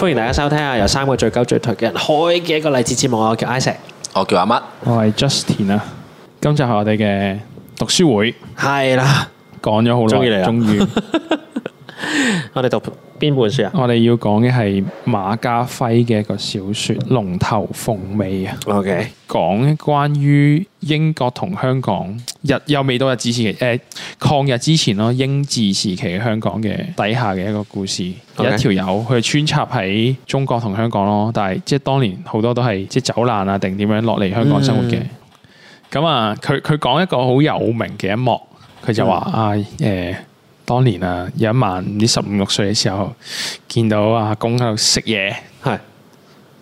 歡迎大家收聽啊！由三個最高最頹嘅人開嘅一個勵志節目啊，我叫 Isaac，我叫阿乜，我係 Justin 啊。今集係我哋嘅讀書會，係啦，講咗好耐，終於嚟啦，終於，我哋讀。邊本書啊？我哋要講嘅係馬家輝嘅一個小說《龍頭鳳尾》啊。OK，講關於英國同香港日又未到日治時期誒、呃，抗日之前咯，英治時期香港嘅底下嘅一個故事。有一條友佢穿插喺中國同香港咯，但係即係當年好多都係即係走難啊，定點樣落嚟香港生活嘅。咁、嗯、啊，佢佢講一個好有名嘅一幕，佢就話啊，誒、哎。呃當年啊，有一晚啲十五六歲嘅時候，見到阿公喺度食嘢，係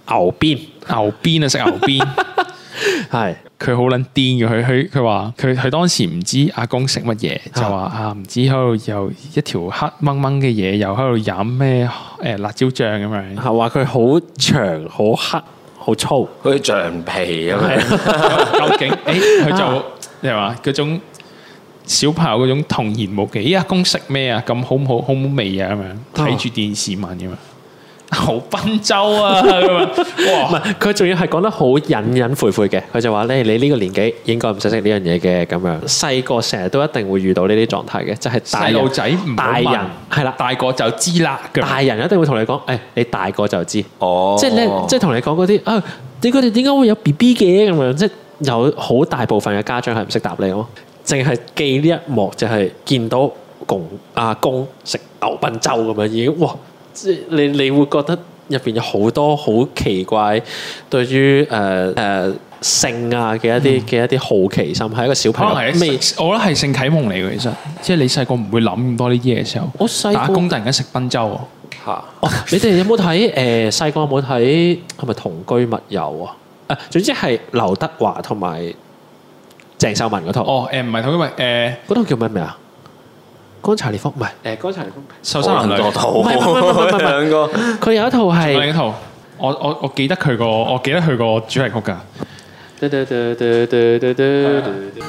牛鞭，牛鞭啊，食牛鞭，係佢好撚癲嘅，佢佢佢話佢佢當時唔知阿公食乜嘢，是就話啊，唔知喺度有一條黑掹掹嘅嘢，又喺度飲咩誒辣椒醬咁樣，係話佢好長、好黑、好粗，好似 橡皮咁樣。 究竟誒，佢就你話嗰種？小朋友嗰種童言無忌，欸，阿公食咩啊？咁好唔好？好唔好味啊？咁樣睇住電視問咁嘛，牛鞭洲啊咁啊。唔係佢仲要係講得好隱隱晦晦嘅，佢就話咧：你呢個年紀應該唔使識呢樣嘢嘅咁樣。細個成日都一定會遇到呢啲狀態嘅，就係細路仔、唔大人係啦，大個就知啦。的大人一定會同你講：誒、哎，你大個就知。哦，即係咧，即係同你講嗰啲啊，你佢哋點解會有 B B 嘅咁樣？即係有好大部分嘅家長係唔識答你咯。淨係記呢一幕，就係見到公阿、啊、公食牛鞭粥咁樣已經，哇！即係你你會覺得入邊有好多好奇怪，對於誒誒、呃呃、性啊嘅一啲嘅、嗯、一啲好奇心，係一個小朋友未、啊？我覺得係性啟蒙嚟嘅，其實即係你細個唔會諗咁多呢啲嘢嘅時候。我細個阿公突然間食鞭粥嚇！你哋有冇睇誒細個有冇睇係咪同居密友啊？誒，總之係劉德華同埋。鄭秀文嗰套哦，誒唔係套，因為誒嗰套叫咩名啊？《乾柴烈火》唔係誒《乾柴烈火》，《受傷男女》唔係唔係唔係兩個。佢有一套係另一套，我我我記得佢個，我記得佢個主題曲㗎。嘟嘟嘟嘟嘟嘟嘟，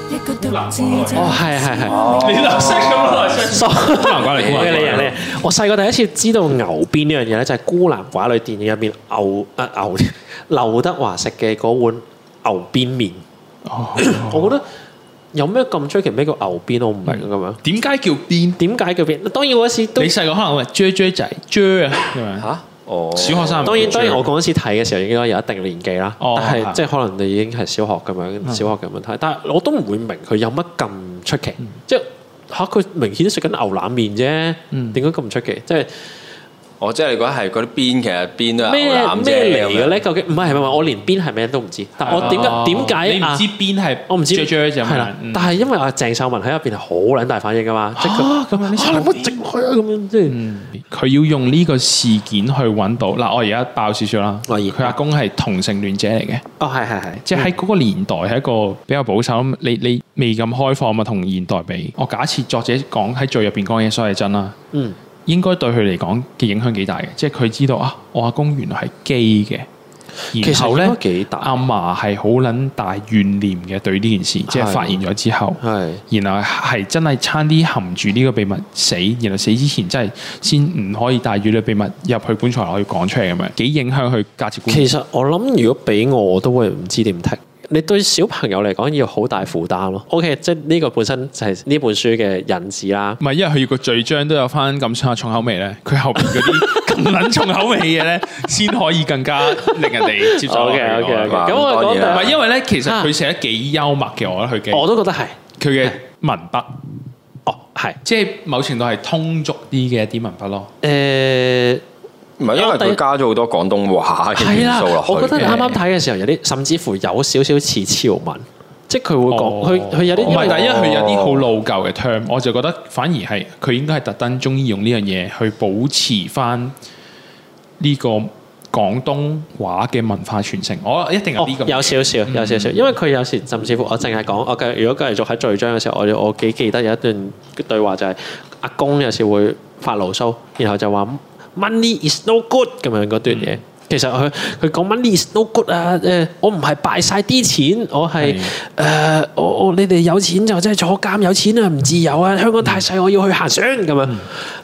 一個都難知。哦，係係係。你藍色，我藍色。傻，孤男寡女。我細個第一次知道牛鞭呢樣嘢咧，就係孤男寡女電影入面牛啊牛，劉德華食嘅嗰碗牛鞭麵。我覺得有咩咁出奇？咩叫牛鞭？我唔明咁樣。點解叫鞭？點解叫鞭？當然我嗰時你細個可能係追追仔追啊吓？哦，小學生當然當然我嗰時睇嘅時候已經有一定年紀啦，但係即係可能你已經係小學咁樣，小學咁樣睇，但係我都唔會明佢有乜咁出奇，即係吓佢明顯食緊牛腩麵啫，點解咁出奇？即係。我真係你講係嗰啲邊，其實邊啊，男咩嚟嘅咧，究竟唔係係咪？我連邊係咩都唔知，但我點解點解你唔知邊係我唔知啫啫就係啦。但係因為阿鄭秀文喺入邊係好撚大反應㗎嘛，即係佢嚇乜直去啊咁樣先。佢要用呢個事件去揾到嗱，我而家爆少少啦。佢阿公係同性戀者嚟嘅。哦，係係係，即係喺嗰個年代係一個比較保守，你你未咁開放啊，同現代比。我假設作者講喺最入邊講嘢，所以真啦。嗯。應該對佢嚟講嘅影響幾大嘅，即係佢知道啊，我阿公原來係基嘅。然後呢，其實都幾大。阿嫲係好撚大怨念嘅，對呢件事，的即係發現咗之後，的然後係真係差啲含住呢個秘密死，然後死之前真係先唔可以帶住呢個秘密入去棺材講，可以講出嚟咁樣，幾影響佢價值觀。其實我諗，如果俾我，我都會唔知點聽。你對小朋友嚟講要好大負擔咯。OK，即係呢個本身就係呢本書嘅引子啦。唔係，因為佢要個序章都有翻咁上下重口味咧，佢後邊嗰啲咁撚重口味嘅嘢咧，先 可以更加令人哋接受。OK，OK、okay, okay, okay, okay。咁我講唔係因為咧，其實佢寫得幾幽默嘅，我覺得佢嘅。我都覺得係佢嘅文筆。是哦，係，即係某程度係通俗啲嘅一啲文筆咯。誒、嗯。唔係，因為佢加咗好多廣東話嘅元素落去，我覺得你啱啱睇嘅時候有啲，甚至乎有少少似潮文，即係佢會講，佢佢、哦、有啲唔係。哦、因為第一，佢、哦、有啲好老舊嘅 term，我就覺得反而係佢應該係特登中意用呢樣嘢去保持翻呢個廣東話嘅文化傳承。我、哦、一定有呢個、哦，有少少，有少少，嗯、因為佢有時甚至乎我淨係講我如果繼續喺序章嘅時候，我我幾記得有一段對話就係、是、阿公有時會發牢騷，然後就話。Money is no good 咁樣嗰段嘢，其實佢佢講 Money is no good 啊！誒、uh，我唔係敗晒啲錢，我係誒的、呃，我我你哋有錢就真係坐監有錢啊，唔自由啊！香港太細，我要去行船咁、嗯、樣。呢、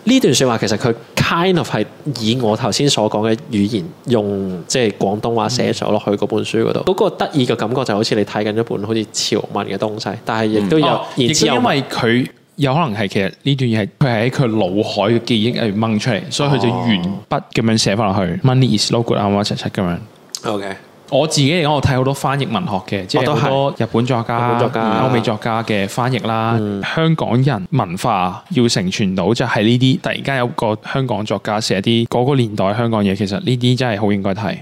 嗯、段説話其實佢 kind of 係以我頭先所講嘅語言用即係廣東話寫咗落去嗰、嗯、本書嗰度，嗰、嗰個得意嘅感覺就好似你睇緊一本好似潮文嘅東西，但係亦都有，亦都因為佢。有可能係其實呢段嘢係佢喺佢腦海嘅記憶裏掹出嚟，所以佢就原筆咁樣寫翻落去。哦、Money is no good，啱唔啱？七七咁樣。OK。我自己嚟講，我睇好多翻譯文學嘅，即係好多日本作家、歐、哦、美作家嘅、嗯、翻譯啦。嗯、香港人文化要成全到就係呢啲。突然間有個香港作家寫啲嗰個年代香港嘢，其實呢啲真係好應該睇。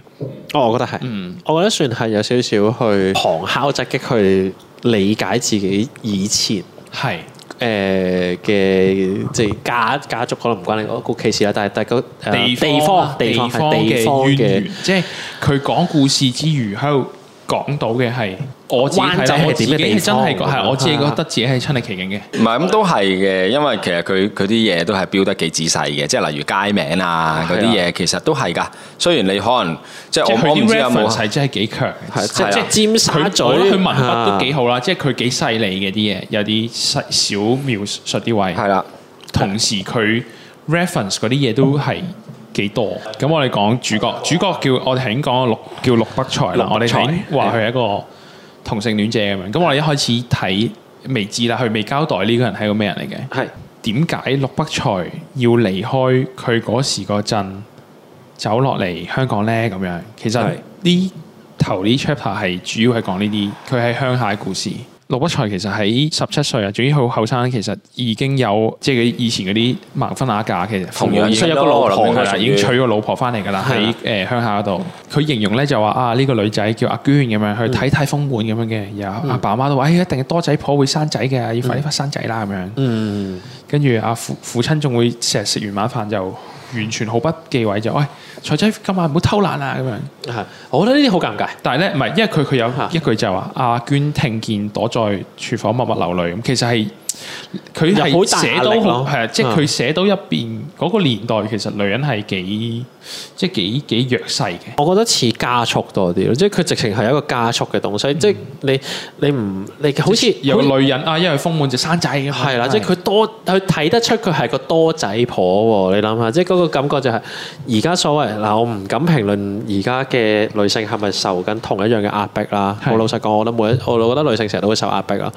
哦，我覺得係。嗯，我覺得算係有少少去旁敲側擊去理解自己以前係。誒嘅即係家家族可能唔關你個屋企事啦，但係但係，那個地方地方嘅淵源，即係佢講故事之餘後。講到嘅係我自己，我點嘅，你真係我自己覺得自己係親歷其境嘅。唔係咁都係嘅，因為其實佢佢啲嘢都係標得幾仔細嘅，即係例如街名啊嗰啲嘢，其實都係㗎。雖然你可能即係我唔知啊，冇細節真係幾強，即係即係尖沙咀佢文筆都幾好啦，即係佢幾犀利嘅啲嘢，有啲細小描述啲位係啦。同時佢 reference 嗰啲嘢都係。幾多？咁我哋講主角，主角叫我哋頭先講陸叫陸北才啦。我哋話佢係一個同性戀者咁樣。咁是的 我哋一開始睇未知啦，佢未交代呢個人係個咩人嚟嘅。係點解陸北才要離開佢嗰時嗰陣走落嚟香港呢？咁樣其實呢頭呢 chapter 係主要係講呢啲，佢喺鄉下嘅故事。陸北才其實喺十七歲啊，仲之好後生，其實已經有即係佢以前嗰啲盲婚啞嫁，其實同樣亦都係。了已經娶個老婆翻嚟噶啦，喺誒鄉下嗰度。佢形容咧就話啊，呢、這個女仔叫阿娟咁樣，去睇睇豐滿咁樣嘅。然後阿爸阿媽都話、嗯哎，一定係多仔婆會生仔嘅，要快啲生仔啦咁樣。嗯，跟住阿父父親仲會成日食完晚飯就。完全毫不忌諱就喂、是哎、財仔，今晚唔好偷懶啊！咁樣，我覺得呢啲好尷尬。但係咧，唔係，因為佢佢有一句就話：阿的、啊、娟聽見躲在廚房默默流淚。咁其實係。佢係寫到係，即係佢寫到入邊嗰個年代，其實女人係幾即係幾幾弱勢嘅。我覺得似加速多啲咯，即係佢直情係一個加速嘅東西。即係你你唔你，好似有女人啊，因為豐滿就生仔嘅係啦。即係佢多，佢睇得出佢係個多仔婆。你諗下，即係嗰個感覺就係而家所謂嗱，我唔敢評論而家嘅女性係咪受緊同一樣嘅壓迫啦。我老實講，我諗每我覺得女性成日都會受壓迫啦。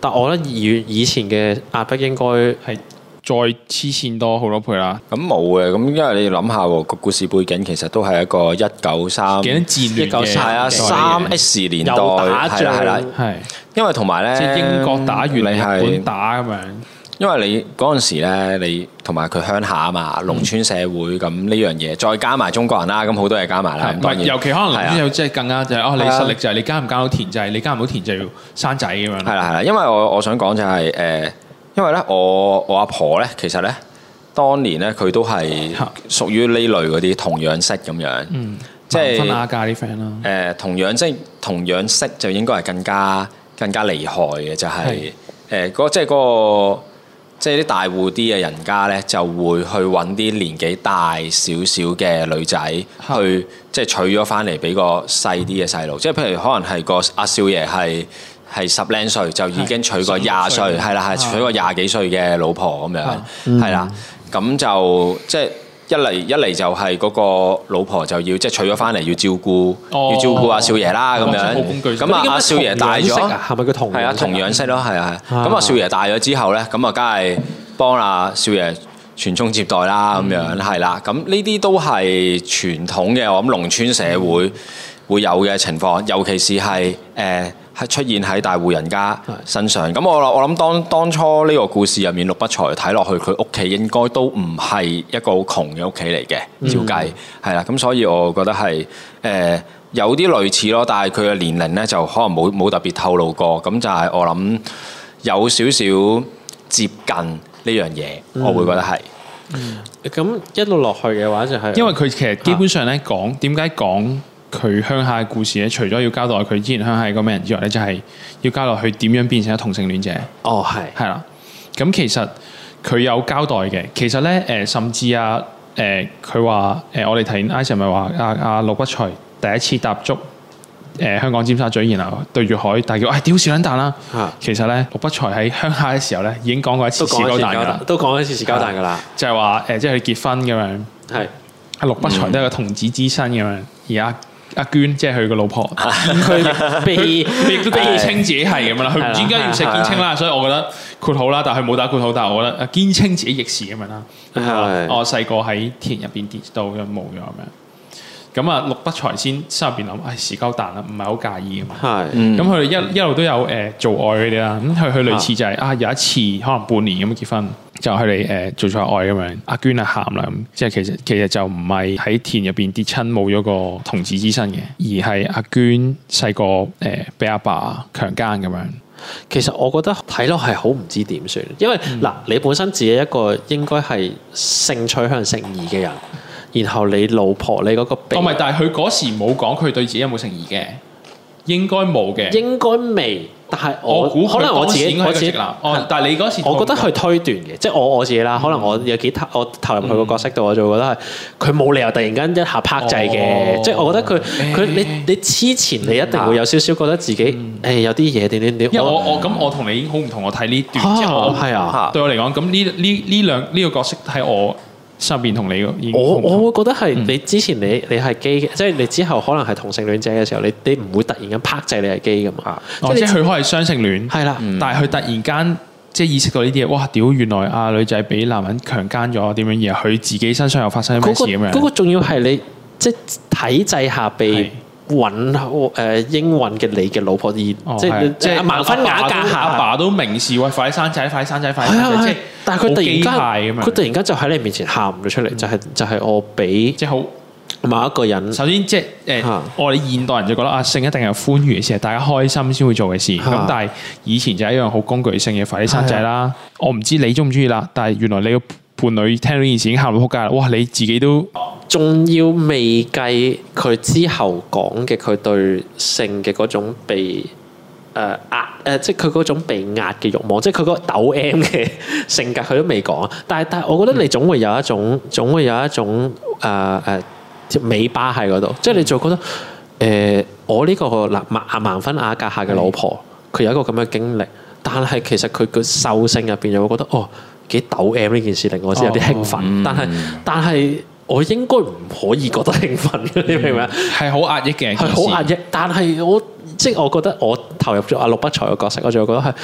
但係我覺得以以前。嘅壓迫應該係再黐線多好多倍啦！咁冇嘅，咁因為你要諗下個故事背景，其實都係一個一九三幾多戰，一九三啊，三十年代打仗，係啦，係因為同埋咧，英國打完日本打咁樣。因為你嗰陣時咧，你同埋佢鄉下啊嘛，農村社會咁呢樣嘢，再加埋中國人啦，咁好多嘢加埋啦。唔的不然，尤其可能有即係更加就係、是、啊的、哦！你實力就係你耕唔耕到田就係的你耕唔到田就要生仔咁樣。係啦係啦，因為我我想講就係、是、誒、呃，因為咧我我阿婆咧其實咧，當年咧佢都係屬於呢類嗰啲童養媳咁、啊呃、樣，即係分家啲 friend 啦。誒，同樣即係童養媳就應該係更加更加厲害嘅，就係誒即係嗰、那個即係啲大戶啲嘅人家咧，就會去揾啲年紀大少少嘅女仔去，嗯、即係娶咗翻嚟俾個細啲嘅細路。即係譬如可能係個阿少爺係係十零歲就已經娶個廿歲，係啦係娶個廿幾歲嘅老婆咁樣，係啦，咁、嗯、就即係。一嚟一嚟就係嗰個老婆就要即係娶咗翻嚟要照顧，哦、要照顧阿少爺啦咁樣。咁啊阿少爺大咗，係咪個同係啊同樣色咯，係啊。咁阿少爺大咗之後咧，咁啊梗係幫阿少爺傳宗接代啦咁樣，係啦。咁呢啲都係傳統嘅，我諗農村社會會,會有嘅情況，尤其是係誒。呃係出現喺大戶人家身上，咁我我諗當當初呢個故事入面，陸不才睇落去佢屋企應該都唔係一個好窮嘅屋企嚟嘅，照計係啦。咁、嗯、所以我覺得係誒、呃、有啲類似咯，但係佢嘅年齡咧就可能冇冇特別透露過。咁就係我諗有少少接近呢樣嘢，嗯、我會覺得係。咁、嗯嗯、一路落去嘅話就係、是、因為佢其實基本上咧講點解講？啊佢鄉下嘅故事咧，除咗要交代佢之前鄉下係個咩人之外咧，就係要交代佢點樣變成一同性戀者。哦，係，係啦。咁、嗯、其實佢有交代嘅。其實咧，誒、呃，甚至、呃呃、啊，誒、啊，佢話誒，我哋睇阿 s i 咪話阿阿陸不才第一次踏足誒、呃、香港尖沙咀，然後對住海大叫：哎，屌事撚蛋啦！啊、其實咧，陸不才喺鄉下嘅時候咧，已經講過一次屎撚蛋㗎啦，都講一次屎撚蛋㗎啦，就係話誒，即係佢結婚咁樣，係的，阿陸、啊、不才都係個童子之身咁樣，而家。阿娟即係佢個老婆，佢必必必亦都堅稱自己係咁樣啦，佢唔知點解要食堅稱啦， 所以我覺得括號啦，但係佢冇打括號，但係我覺得誒堅稱自己亦是咁樣啦，我細個喺田入邊跌到咁冇咗咁樣。咁啊，六德才先心入邊諗，唉、哎、時交淡啦，唔係好介意嘅嘛。咁佢、嗯、一一路都有誒、呃、做愛嗰啲啦。咁佢佢類似就係、是、啊，啊，有一次可能半年咁樣結婚，就佢哋誒做咗愛咁樣。阿娟啊喊啦，即係其實其實就唔係喺田入邊跌親，冇咗個童子之身嘅，而係阿娟細個誒俾阿爸強姦咁樣。其實我覺得睇落係好唔知點算，因為嗱、嗯，你本身自己一個應該係性取向性異嘅人。然後你老婆你嗰個病。哦唔係，但係佢嗰時冇講佢對自己有冇誠意嘅，應該冇嘅，應該未。但係我估可能我自己開始哦，但係你嗰時，我覺得佢推斷嘅，即係我我自己啦。可能我有幾我投入佢個角色度，我就覺得係佢冇理由突然間一下拍制嘅。即係我覺得佢佢你你之前你一定會有少少覺得自己誒有啲嘢，點點點。因為我我咁我同你已經好唔同，我睇呢段，係啊。對我嚟講，咁呢呢呢兩呢個角色係我。身邊同你個，我我會覺得係你之前你你係基，即係你之後可能係同性戀者嘅時候，你你唔會突然間拍制你係基㗎嘛？啊，即係佢可能雙性戀，係啦，但係佢突然間即係意識到呢啲嘢，哇！屌，原來啊女仔俾男人強姦咗點樣，而佢自己身上又發生咩事咁樣嗰個嗰個，仲要係你即係體制下被揾誒應揾嘅你嘅老婆而即係即係盲婚啞嫁，下爸都明示喂，快啲生仔，快啲生仔，快啲生仔，即係。但係佢突然間，佢突然間就喺你面前喊咗出嚟、嗯就是，就係就係我俾即係好某一個人。首先、就是，即係誒，啊、我哋現代人就覺得啊，性一定係歡愉嘅事，大家開心先會做嘅事。咁、啊、但係以前就係一樣好工具性嘅快啲生仔啦。啊、我唔知你中唔中意啦。但係原來你個伴侶聽到呢件事已經喊到撲街啦。哇！你自己都仲要未計佢之後講嘅佢對性嘅嗰種被。誒壓誒，即係佢嗰種被壓嘅欲望，即係佢個抖 M 嘅性格，佢都未講。但係但係，我覺得你總會有一種，嗯、總會有一種誒誒隻尾巴喺嗰度。即係你就覺得誒、呃，我呢、呢個嗱盲、盲婚啞嫁下嘅老婆，佢是有一個咁嘅經歷。但係其實佢個獸性入邊就會覺得，哦幾抖 M 呢件事令我先有啲興奮。哦嗯、但係但係，我應該唔可以覺得興奮，你明唔明？係好、嗯、壓抑嘅，係好壓抑。但係我。即係我覺得我投入咗阿陸北才嘅角色，我就有覺得係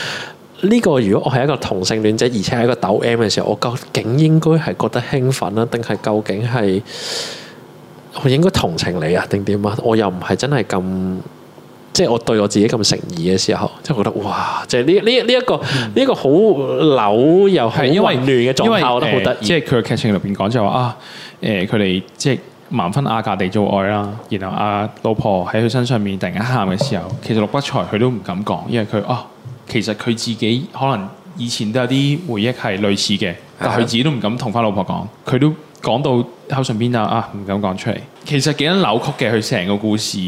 呢個。如果我係一個同性戀者，而且係一個抖 M 嘅時候，我究竟應該係覺得興奮啦，定係究竟係我應該同情你啊，定點啊？我又唔係真係咁，即、就、係、是、我對我自己咁誠意嘅時候，即係覺得哇！即係呢呢呢一個呢一好扭又係因為亂嘅狀態，我覺得好得意。即係佢嘅 c 情 p t 入邊講就話啊，誒佢哋即係。盲婚啞嫁地做愛啦，然後阿老婆喺佢身上面突然間喊嘅時候，其實陸不才佢都唔敢講，因為佢哦，其實佢自己可能以前都有啲回憶係類似嘅，但係佢自己都唔敢同返老婆講，佢都講到口唇邊啊，啊唔敢講出嚟。其實幾撚扭曲嘅，佢成個故事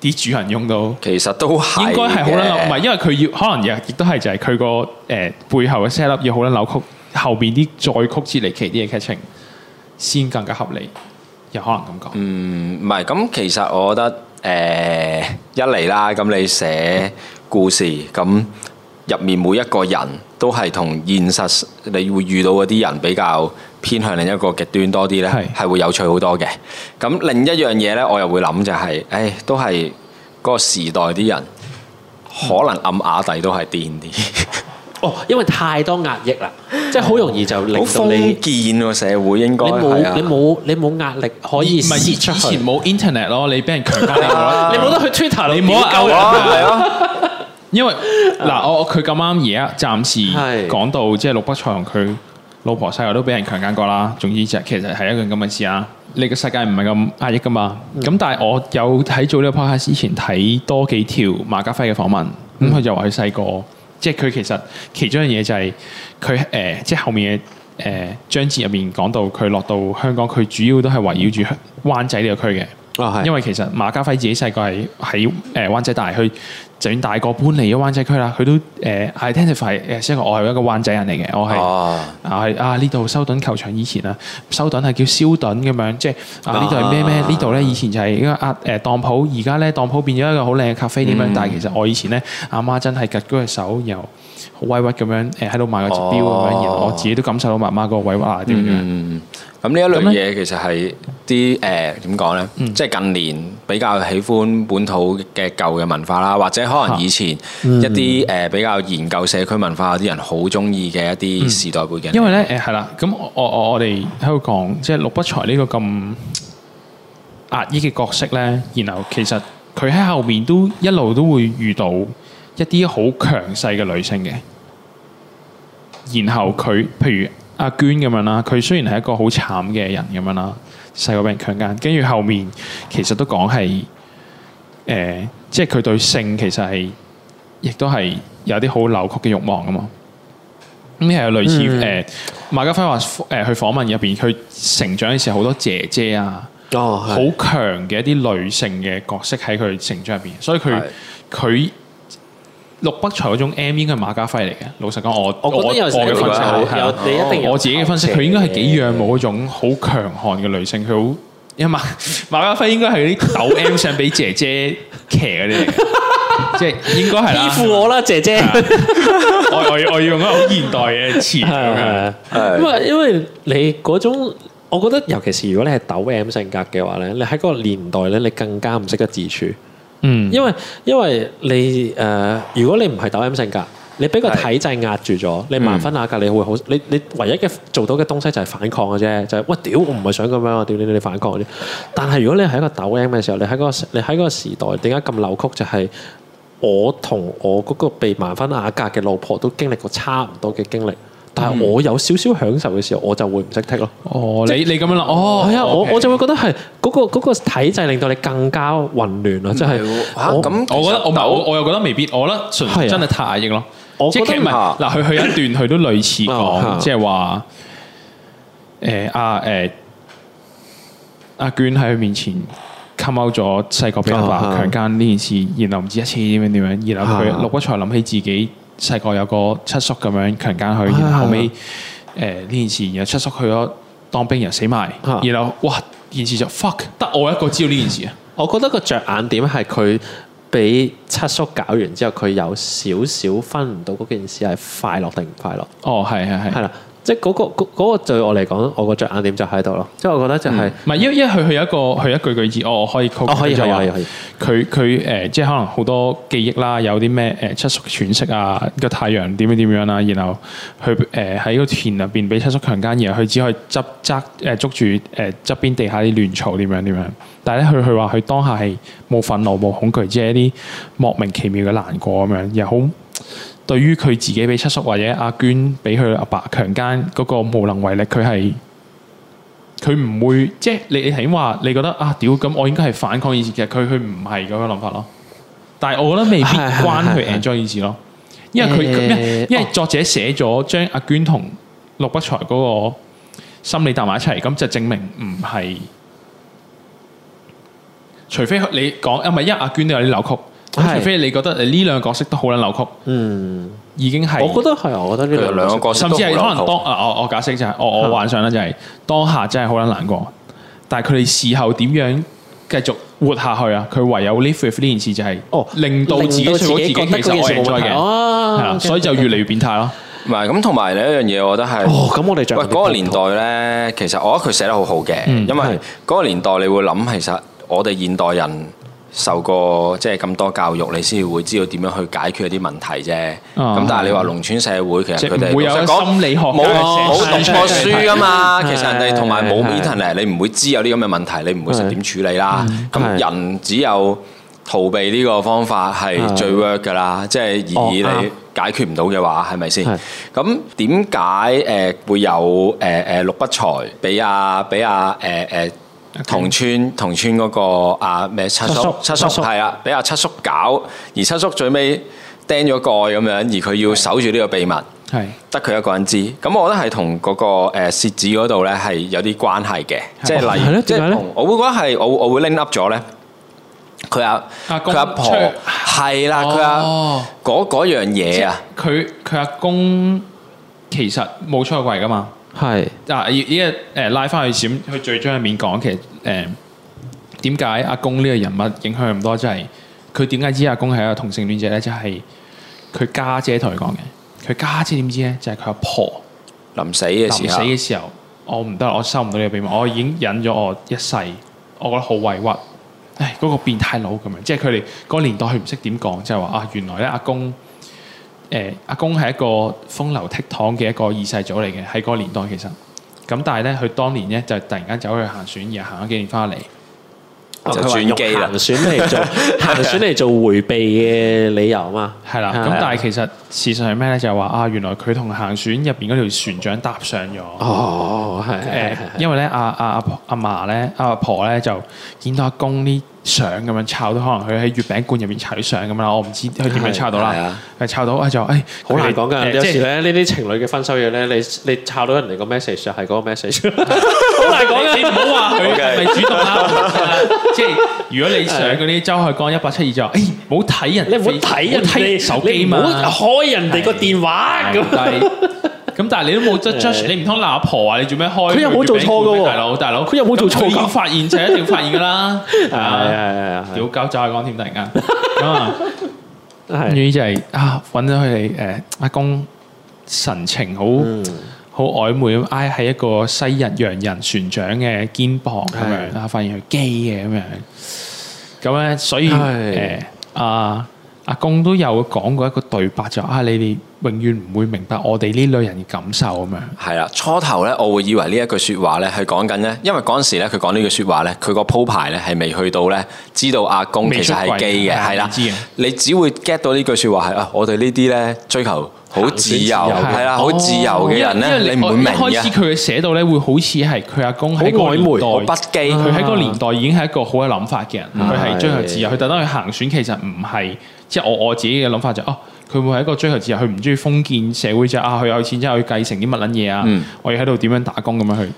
啲主人翁都其實都係應該係好撚扭曲，唔係的因為佢要可能亦都係就係佢個誒背後嘅些粒嘢好撚扭曲，後邊啲再曲折離奇啲嘅劇情先更加合理。有可能咁講。嗯，唔係咁，其實我覺得，誒、呃、一嚟啦，咁你寫故事，咁入面每一個人都係同現實，你會遇到嗰啲人比較偏向另一個極端多啲咧，係是會有趣好多嘅。咁另一樣嘢呢，我又會諗就係、是，誒、哎、都係嗰個時代啲人，可能暗啞底都係癲啲。 哦，因為太多壓抑啦，即係好容易就令到你封建喎，社會應該係你冇你冇你冇壓力可以泄出去，以前冇 Internet 咯，你俾人強姦過你冇得去 Twitter，你冇得勾人係因為嗱，我佢咁啱而家暫時係講到即係陸北菜行，佢老婆細個都俾人強姦過啦。總之就其實係一件咁嘅事啊。你個世界唔係咁壓抑噶嘛？咁但係我有睇做呢個 podcast 之前睇多幾條馬家輝嘅訪問，咁佢就話佢細個。即係佢其實其中一樣嘢就係佢誒，即係後面嘅誒、呃、章節入面講到，佢落到香港，佢主要都係圍繞住灣仔呢個區嘅。哦、因為其實馬家輝自己細個係喺誒灣仔大，大係佢就算大個搬嚟咗灣仔區啦，佢都誒係 identify 誒，呃、即係我係一個灣仔人嚟嘅，我係啊係啊呢度修頓球場以前啊，修頓係叫燒頓咁樣，即係啊呢度係咩咩？呢度咧以前就係、是呃、一個呃誒當鋪，而家咧當鋪變咗一個好靚嘅咖啡店啦。嗯、但係其實我以前咧阿媽，媽真係拮嗰隻手又。好委屈咁樣，誒喺度賣嗰隻表咁樣，然後我自己都感受到媽媽個委屈啊，點樣、嗯？咁呢、嗯、一類嘢其實係啲誒，點講咧？呃呢嗯、即係近年比較喜歡本土嘅舊嘅文化啦，或者可能以前一啲誒比較研究社區文化啲人好中意嘅一啲時代背景、嗯。因為咧，誒係啦，咁我我我哋喺度講，即係陸不才呢個咁壓抑嘅角色咧，然後其實佢喺後面都一路都會遇到。一啲好強勢嘅女性嘅，然後佢，譬如阿娟咁樣啦，佢雖然係一個好慘嘅人咁樣啦，細個俾人強姦，跟住後面其實都講係，誒、呃，即係佢對性其實係，亦都係有啲好扭曲嘅慾望噶嘛。咁係類似誒，馬家輝話誒去訪問入邊，佢成長嘅時候好多姐姐啊，哦，好強嘅一啲女性嘅角色喺佢成長入邊，所以佢佢。是的 六北才嗰種 M 應該係馬家輝嚟嘅，老實講我我覺得有我嘅分析係，你一定有我自己嘅分析。佢應該係幾仰慕嗰種好強悍嘅女性，佢好因為馬馬家輝應該係啲抖 M 想俾姐姐騎嗰啲，即係 應該係依附我啦，吧姐姐。 我我我要用一個好現代嘅詞因為你嗰種，我覺得尤其是如果你係抖 M 性格嘅話咧，你喺嗰個年代咧，你更加唔識得自處。嗯，因為因為你誒、呃，如果你唔係抖 m 性格，你俾個體制壓住咗的，你盲婚啞嫁，你會好，你你唯一嘅做到嘅東西就係反抗嘅啫，就係、是，哇！屌，我唔係想咁樣，我屌你你反抗啫。但係如果你係一個抖 m 嘅時候，你喺嗰、那個你喺嗰個時代點解咁扭曲，就係我同我嗰個被盲婚啞嫁嘅老婆都經歷過差唔多嘅經歷。但係我有少少享受嘅時候，我就會唔識剔咯。哦，你你咁樣啦，哦，係啊，我我就會覺得係嗰個嗰個體制令到你更加混亂咯，即係咁。我我覺得，我我又覺得未必。我覺得純真係太壓抑咯。我即係唔係嗱，佢佢有一段佢都類似講，即係話誒阿誒阿娟喺佢面前吸溝咗細個俾阿爸強姦呢件事，然後唔知一次點樣點樣，然後佢陸南才諗起自己。細個有個七叔咁樣強姦佢，然後尾誒呢件事，然後七叔去咗當兵人死埋，然後哇件事就 fuck 得我一個知道呢件事啊！我覺得個着眼點係佢俾七叔搞完之後，佢有少少分唔到嗰件事係快樂定唔快樂。哦，係係係，係啦。即係嗰個對我嚟講，我個着眼點就喺度咯。即係我覺得就係、是，唔係、嗯、因為因為佢佢有一個佢一句句字，我、哦、我可以 call、哦、可以佢佢誒即係可能好多記憶啦，有啲咩誒七叔喘息啊，個太陽點樣點樣啦，然後佢誒喺個田入邊俾七叔強奸。然後佢只可以執側誒捉住誒側、呃呃、邊地下啲亂草點樣點樣。但係咧，佢佢話佢當下係冇憤怒冇恐懼，即係一啲莫名其妙嘅難過咁樣，又好。又對於佢自己俾七叔或者阿娟俾佢阿爸強姦嗰個無能為力，佢係佢唔會，即係你你起碼你覺得啊屌咁，我應該係反抗意思，其實佢佢唔係咁樣諗法咯。但係我覺得未必關佢安裝意思咯 ，因為佢咩？因為作者寫咗將阿娟同陸不才嗰個心理搭埋一齊，咁就證明唔係。除非你講啊因為阿娟都有啲扭曲。除非你覺得呢兩個角色都好撚扭曲，嗯，已經係，我覺得係，我覺得呢兩個角色，甚至係可能當啊，我我假設就係，我我幻想啦，就係當下真係好撚難過，但係佢哋事後點樣繼續活下去啊？佢唯有 live with 呢件事就係，哦，令到自己自己覺得其實冇乜嘢，所以就越嚟越變態咯。唔係咁，同埋另一樣嘢，我覺得係，咁我哋著嗰個年代咧，其實我覺得佢寫得好好嘅，因為嗰個年代你會諗，其實我哋現代人。受過即係咁多教育，你先會知道點樣去解決一啲問題啫。咁、uh, 但係你話農村社會，其實佢哋冇上心理學，冇冇讀過書啊嘛。其實人哋同埋冇 maturity，你唔會知有啲咁嘅問題，你唔會識點處理啦。咁人只有逃避呢個方法係最 work 噶啦。即係而你解決唔到嘅話，係咪先？咁點解誒會有誒誒陸南才俾阿俾阿誒誒？Okay. 同村同村嗰、嗰個啊咩七叔七叔係啊，俾阿七叔搞，而七叔最尾釘咗蓋咁樣，而佢要守住呢個秘密，係得佢一個人知。咁我覺得係同嗰個誒、啊、子嗰度咧係有啲關係嘅，啊、即係例如、啊、即係我會覺得係我我會 link up 咗咧。佢阿、啊、阿公，阿婆係啦，佢阿嗰嗰樣嘢啊，佢佢阿公其實冇出過櫃噶嘛。係，嗱依家誒拉翻去先，去最終入面講，其實誒點解阿公呢個人物影響咁多，就係佢點解知阿公係一個同性戀者咧？就係佢家姐同佢講嘅，佢家姐點知咧？就係、是、佢阿婆臨死嘅時候，死嘅時候，我唔得，我收唔到呢個秘密，我已經忍咗我一世，我覺得好委屈，唉，嗰、那個變態佬咁樣，即係佢哋嗰年代佢唔識點講，即係話啊，原來咧阿公。誒、呃、阿公係一個風流倜儻嘅一個二世祖嚟嘅，喺嗰個年代其實咁，但係咧佢當年咧就突然間走去行船，而行咗幾年翻嚟就轉機啦。 行船嚟做行船嚟做迴避嘅理由嘛，係啦。咁但係其實。事實係咩咧？就係話啊，原來佢同行船入邊嗰條船長搭上咗。哦，係。因為咧，阿阿阿阿嫲咧，阿婆咧就見到阿公啲相咁樣抄到可能佢喺月餅罐入邊炒啲相咁啦。我唔知佢點樣抄到啦。係啊，係抄到啊就誒。好難講㗎，有時咧呢啲情侶嘅分手嘢咧，你你抄到人哋個 message 係嗰個 message。好難講你唔好話佢係咪主動啊。即係如果你上嗰啲周海江一百七二就誒，唔好睇人，你唔好睇人，你睇手機嘛。開人哋個電話咁，咁但係你都冇 judge 你唔通鬧阿婆啊你做咩開？佢又冇做錯噶，大佬大佬，佢又冇做錯。咁發現，就一定要發現噶啦，係係係，小交走阿公添突然間咁啊，終於就係啊，搵咗佢哋誒，阿公神情好好曖昧咁，挨喺一個西日洋人船長嘅肩膀咁樣啊，發現佢 gay 嘅咁樣，咁咧所以誒啊。阿公都有講過一個對白，就啊，你哋永遠唔會明白我哋呢類人嘅感受咁樣。係啦，初頭咧，我會以為呢一句説話咧係講緊咧，因為嗰陣時咧佢講呢句説話咧，佢個鋪排咧係未去到咧，知道阿公其實係基嘅，係啦，你只會 get 到呢句説話係啊，我哋呢啲咧追求好自由，係啦，好自由嘅的人咧，哦、你唔會明嘅。一開始佢嘅寫到咧，會好似係佢阿公喺個年代不羈，佢喺個年代已經係一個好嘅諗法嘅人，佢係、啊、追求自由，佢特登去行選，其實唔係。即係我我自己嘅諗法就是，哦，佢會係一個追求自由，佢唔中意封建社會就啊，佢有錢之後要繼承啲乜撚嘢啊？我、嗯、要喺度點樣打工咁樣去。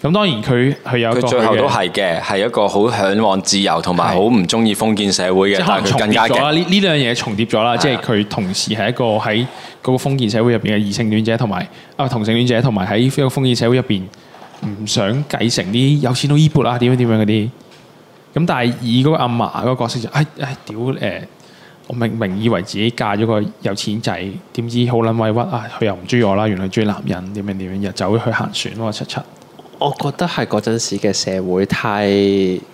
咁當然佢佢有佢最後都係嘅，係一個好嚮往自由同埋好唔中意封建社會嘅。即係佢重疊咗啦，呢呢兩嘢重疊咗啦。的即係佢同時係一個喺嗰個封建社會入邊嘅異性戀者，同埋啊同性戀者，同埋喺呢個封建社會入邊唔想繼承啲有錢佬衣缽啊點樣點樣嗰啲。咁但係以嗰個阿嫲嗰個角色就唉屌誒！哎哎哎哎哎哎哎哎我明明以為自己嫁咗個有錢仔，點知好撚委屈啊！佢又唔中意我啦，原來中意男人點樣點樣，又走去行船咯，七七。我覺得係嗰陣時嘅社會太、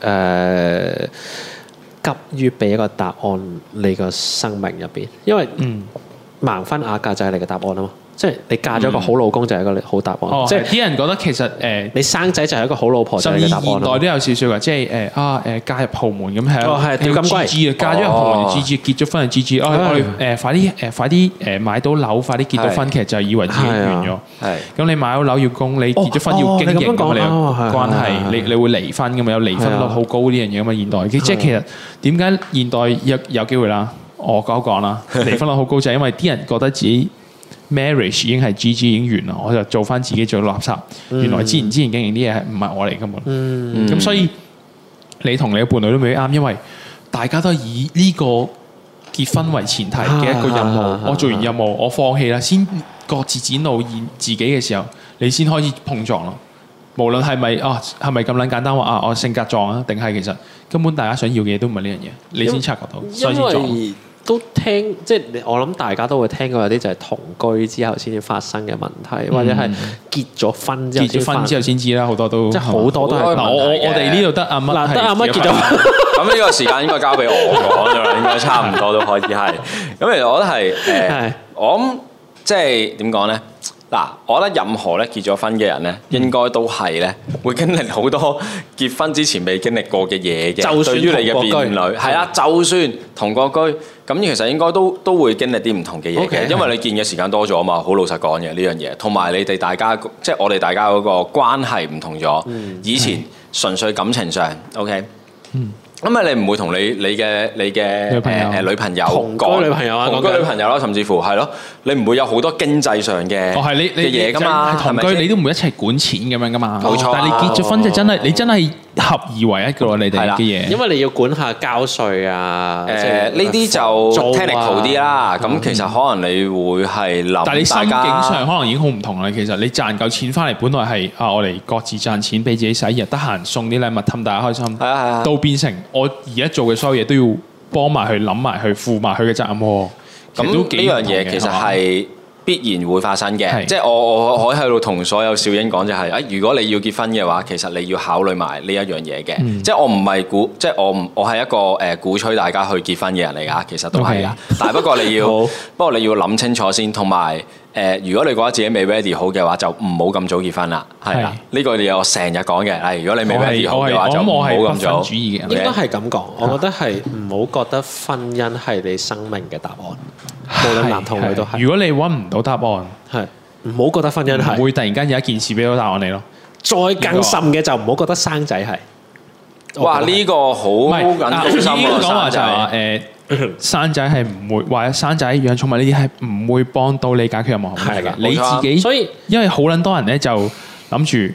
呃、急於俾一個答案，你個生命入邊，因為嗯盲婚啞嫁就係你嘅答案啊嘛。嗯即係你嫁咗個好老公就係一個好答案。即係啲人覺得其實誒，你生仔就係一個好老婆就係一個答案。甚至現代都有少少嘅，即係誒啊誒，嫁入豪門咁係啊，G G 啊嫁咗入豪門，G G 結咗婚係 G G 哦，誒快啲誒快啲誒買到樓，快啲結到婚，其實就係以為自己完咗。係咁你買咗樓要供，你結咗婚要經營嘅關係，你你會離婚嘅嘛？有離婚率好高呢樣嘢嘛？現代即係其實點解現代有有機會啦？我講一講啦，離婚率好高就係因為啲人覺得自己。Marriage 已經係 G. G. 已經完啦，我就做翻自己做垃圾。嗯、原來之前之前經營啲嘢係唔係我嚟㗎嘛？咁、嗯、所以你同你嘅伴侶都未必啱，因為大家都以呢個結婚為前提嘅一個任務。我做完任務，啊啊、我放棄啦，先各自展露現自己嘅時候，你先開始碰撞咯。無論係咪啊，係咪咁撚簡單話啊，我性格撞啊，定係其實根本大家想要嘅嘢都唔係呢樣嘢，你先察覺到，為所以先都聽即係，我諗大家都會聽過有啲就係同居之後先發生嘅問題，嗯、或者係結咗婚之後先，結咗婚之後先知啦，好多都即係好多都係、啊、我我哋呢度得阿媽，呃，嗱得阿媽結咗婚，咁呢個時間應該交俾我講咗啦，應該差唔多都可以。係 是。咁其實我覺得係誒，我、呃、我諗即係點講咧？嗱，我覺得任何咧結咗婚嘅人咧，嗯、應該都係咧會經歷好多結婚之前未經歷過嘅嘢嘅。對於你嘅伴侶，係啦，就算同個居，咁啦的其實應該都都會經歷啲唔同嘅嘢嘅，okay, 因為你見嘅時間多咗啊嘛。好老實講嘅呢樣嘢，同埋你哋大家即係、就是、我哋大家嗰個關係唔同咗。嗯、以前純粹感情上，嗯、OK、嗯。因為你唔會同你你嘅你嘅女朋友誒誒女朋友同居女朋友啊，同居女朋友啦，甚至乎係咯，你唔會有好多經濟上嘅哦，係你你嘅嘢噶嘛？係咪？同居係係你都唔會一齊管錢咁樣噶嘛？冇錯，哦。但係你結咗婚就真係、哦、你真係。合二為一嘅喎，你哋嘅嘢，因為你要管下交稅啊，誒呢啲就 technical 啲啦。咁其實可能你會係諗，但係你心境上可能已經好唔同啦。其實你賺夠錢翻嚟，本來係啊，我哋各自賺錢俾自己使，然後得閒送啲禮物氹大家開心。係啊，係啊，到變成我而家做嘅所有嘢都要幫埋佢、諗埋佢、負埋佢嘅責任喎。咁呢樣嘢其實係。必然會發生嘅。是即係我我我喺度同所有小英講就係，啊，如果你要結婚嘅話，其實你要考慮埋呢一樣嘢嘅。即係我唔係鼓，即係我唔我係一個誒、呃、鼓吹大家去結婚嘅人嚟㗎。其實都係啊，Okay. 但係不過你要 好不過你要諗清楚先。同埋誒，如果你覺得自己未 ready 好嘅話，就唔好咁早結婚啦。係啦是，呢是個你我成日講嘅。係如果你未 ready 好嘅話，就唔好咁早。主義嘅，應該係咁講。我覺得係唔好覺得婚姻係你生命嘅答案。冇咁難通嘅。都係，如果你搵唔到答案，係唔好覺得婚姻係會突然間有一件事俾到答案你咯。再更深嘅就唔好覺得生仔係，哇呢個好唔係？啱啱講話就話誒，生仔係唔會，或者生仔養寵物呢啲係唔會幫到你解決任何問題。㗎啦，你自己，所以因為好捻多人咧就諗住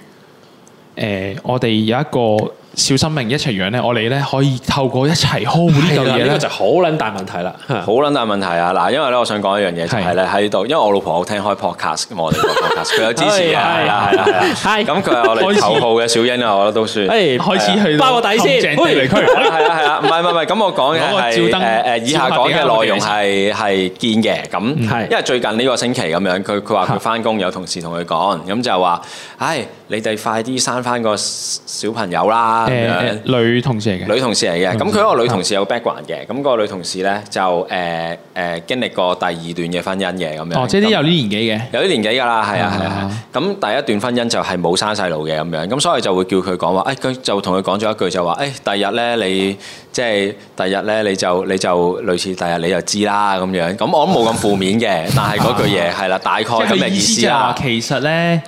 誒，我哋有一個。小生命一齊養咧，我哋咧可以透過一齊保護呢嚿嘢咧。呢個就好撚大問題啦，好撚大問題啊！嗱，因為咧，我想講一樣嘢就係咧喺度，因為我老婆好聽開 podcast，咁我哋個 podcast，佢有支持啊，係咁佢係我哋頭號嘅，小欣啊，我覺得都算。誒，開始去包個底先，歡迎嚟區。係啊係啊，唔係唔係咁，我講嘅係誒誒，以下講嘅內容係係見嘅。咁，因為最近呢個星期咁樣，佢佢話佢翻工有同事同佢講，咁就話，唉，你哋快啲生翻個小朋友啦！誒女同事嚟嘅，女同事嚟嘅。咁佢個女同事有 background 嘅，咁個女同事咧就誒誒經歷過第二段嘅婚姻嘅，咁樣。哦，即係啲有啲年紀嘅。有啲年紀㗎啦，係啊，係啊。咁第一段婚姻就係冇生細路嘅咁樣，咁所以就會叫佢講話，誒佢就同佢講咗一句就話，誒第二日咧你即係第二日咧你就你就類似第二日你就知啦咁樣。咁我都冇咁負面嘅，但係嗰句嘢係啦，大概咁嘅意思啦。其實咧。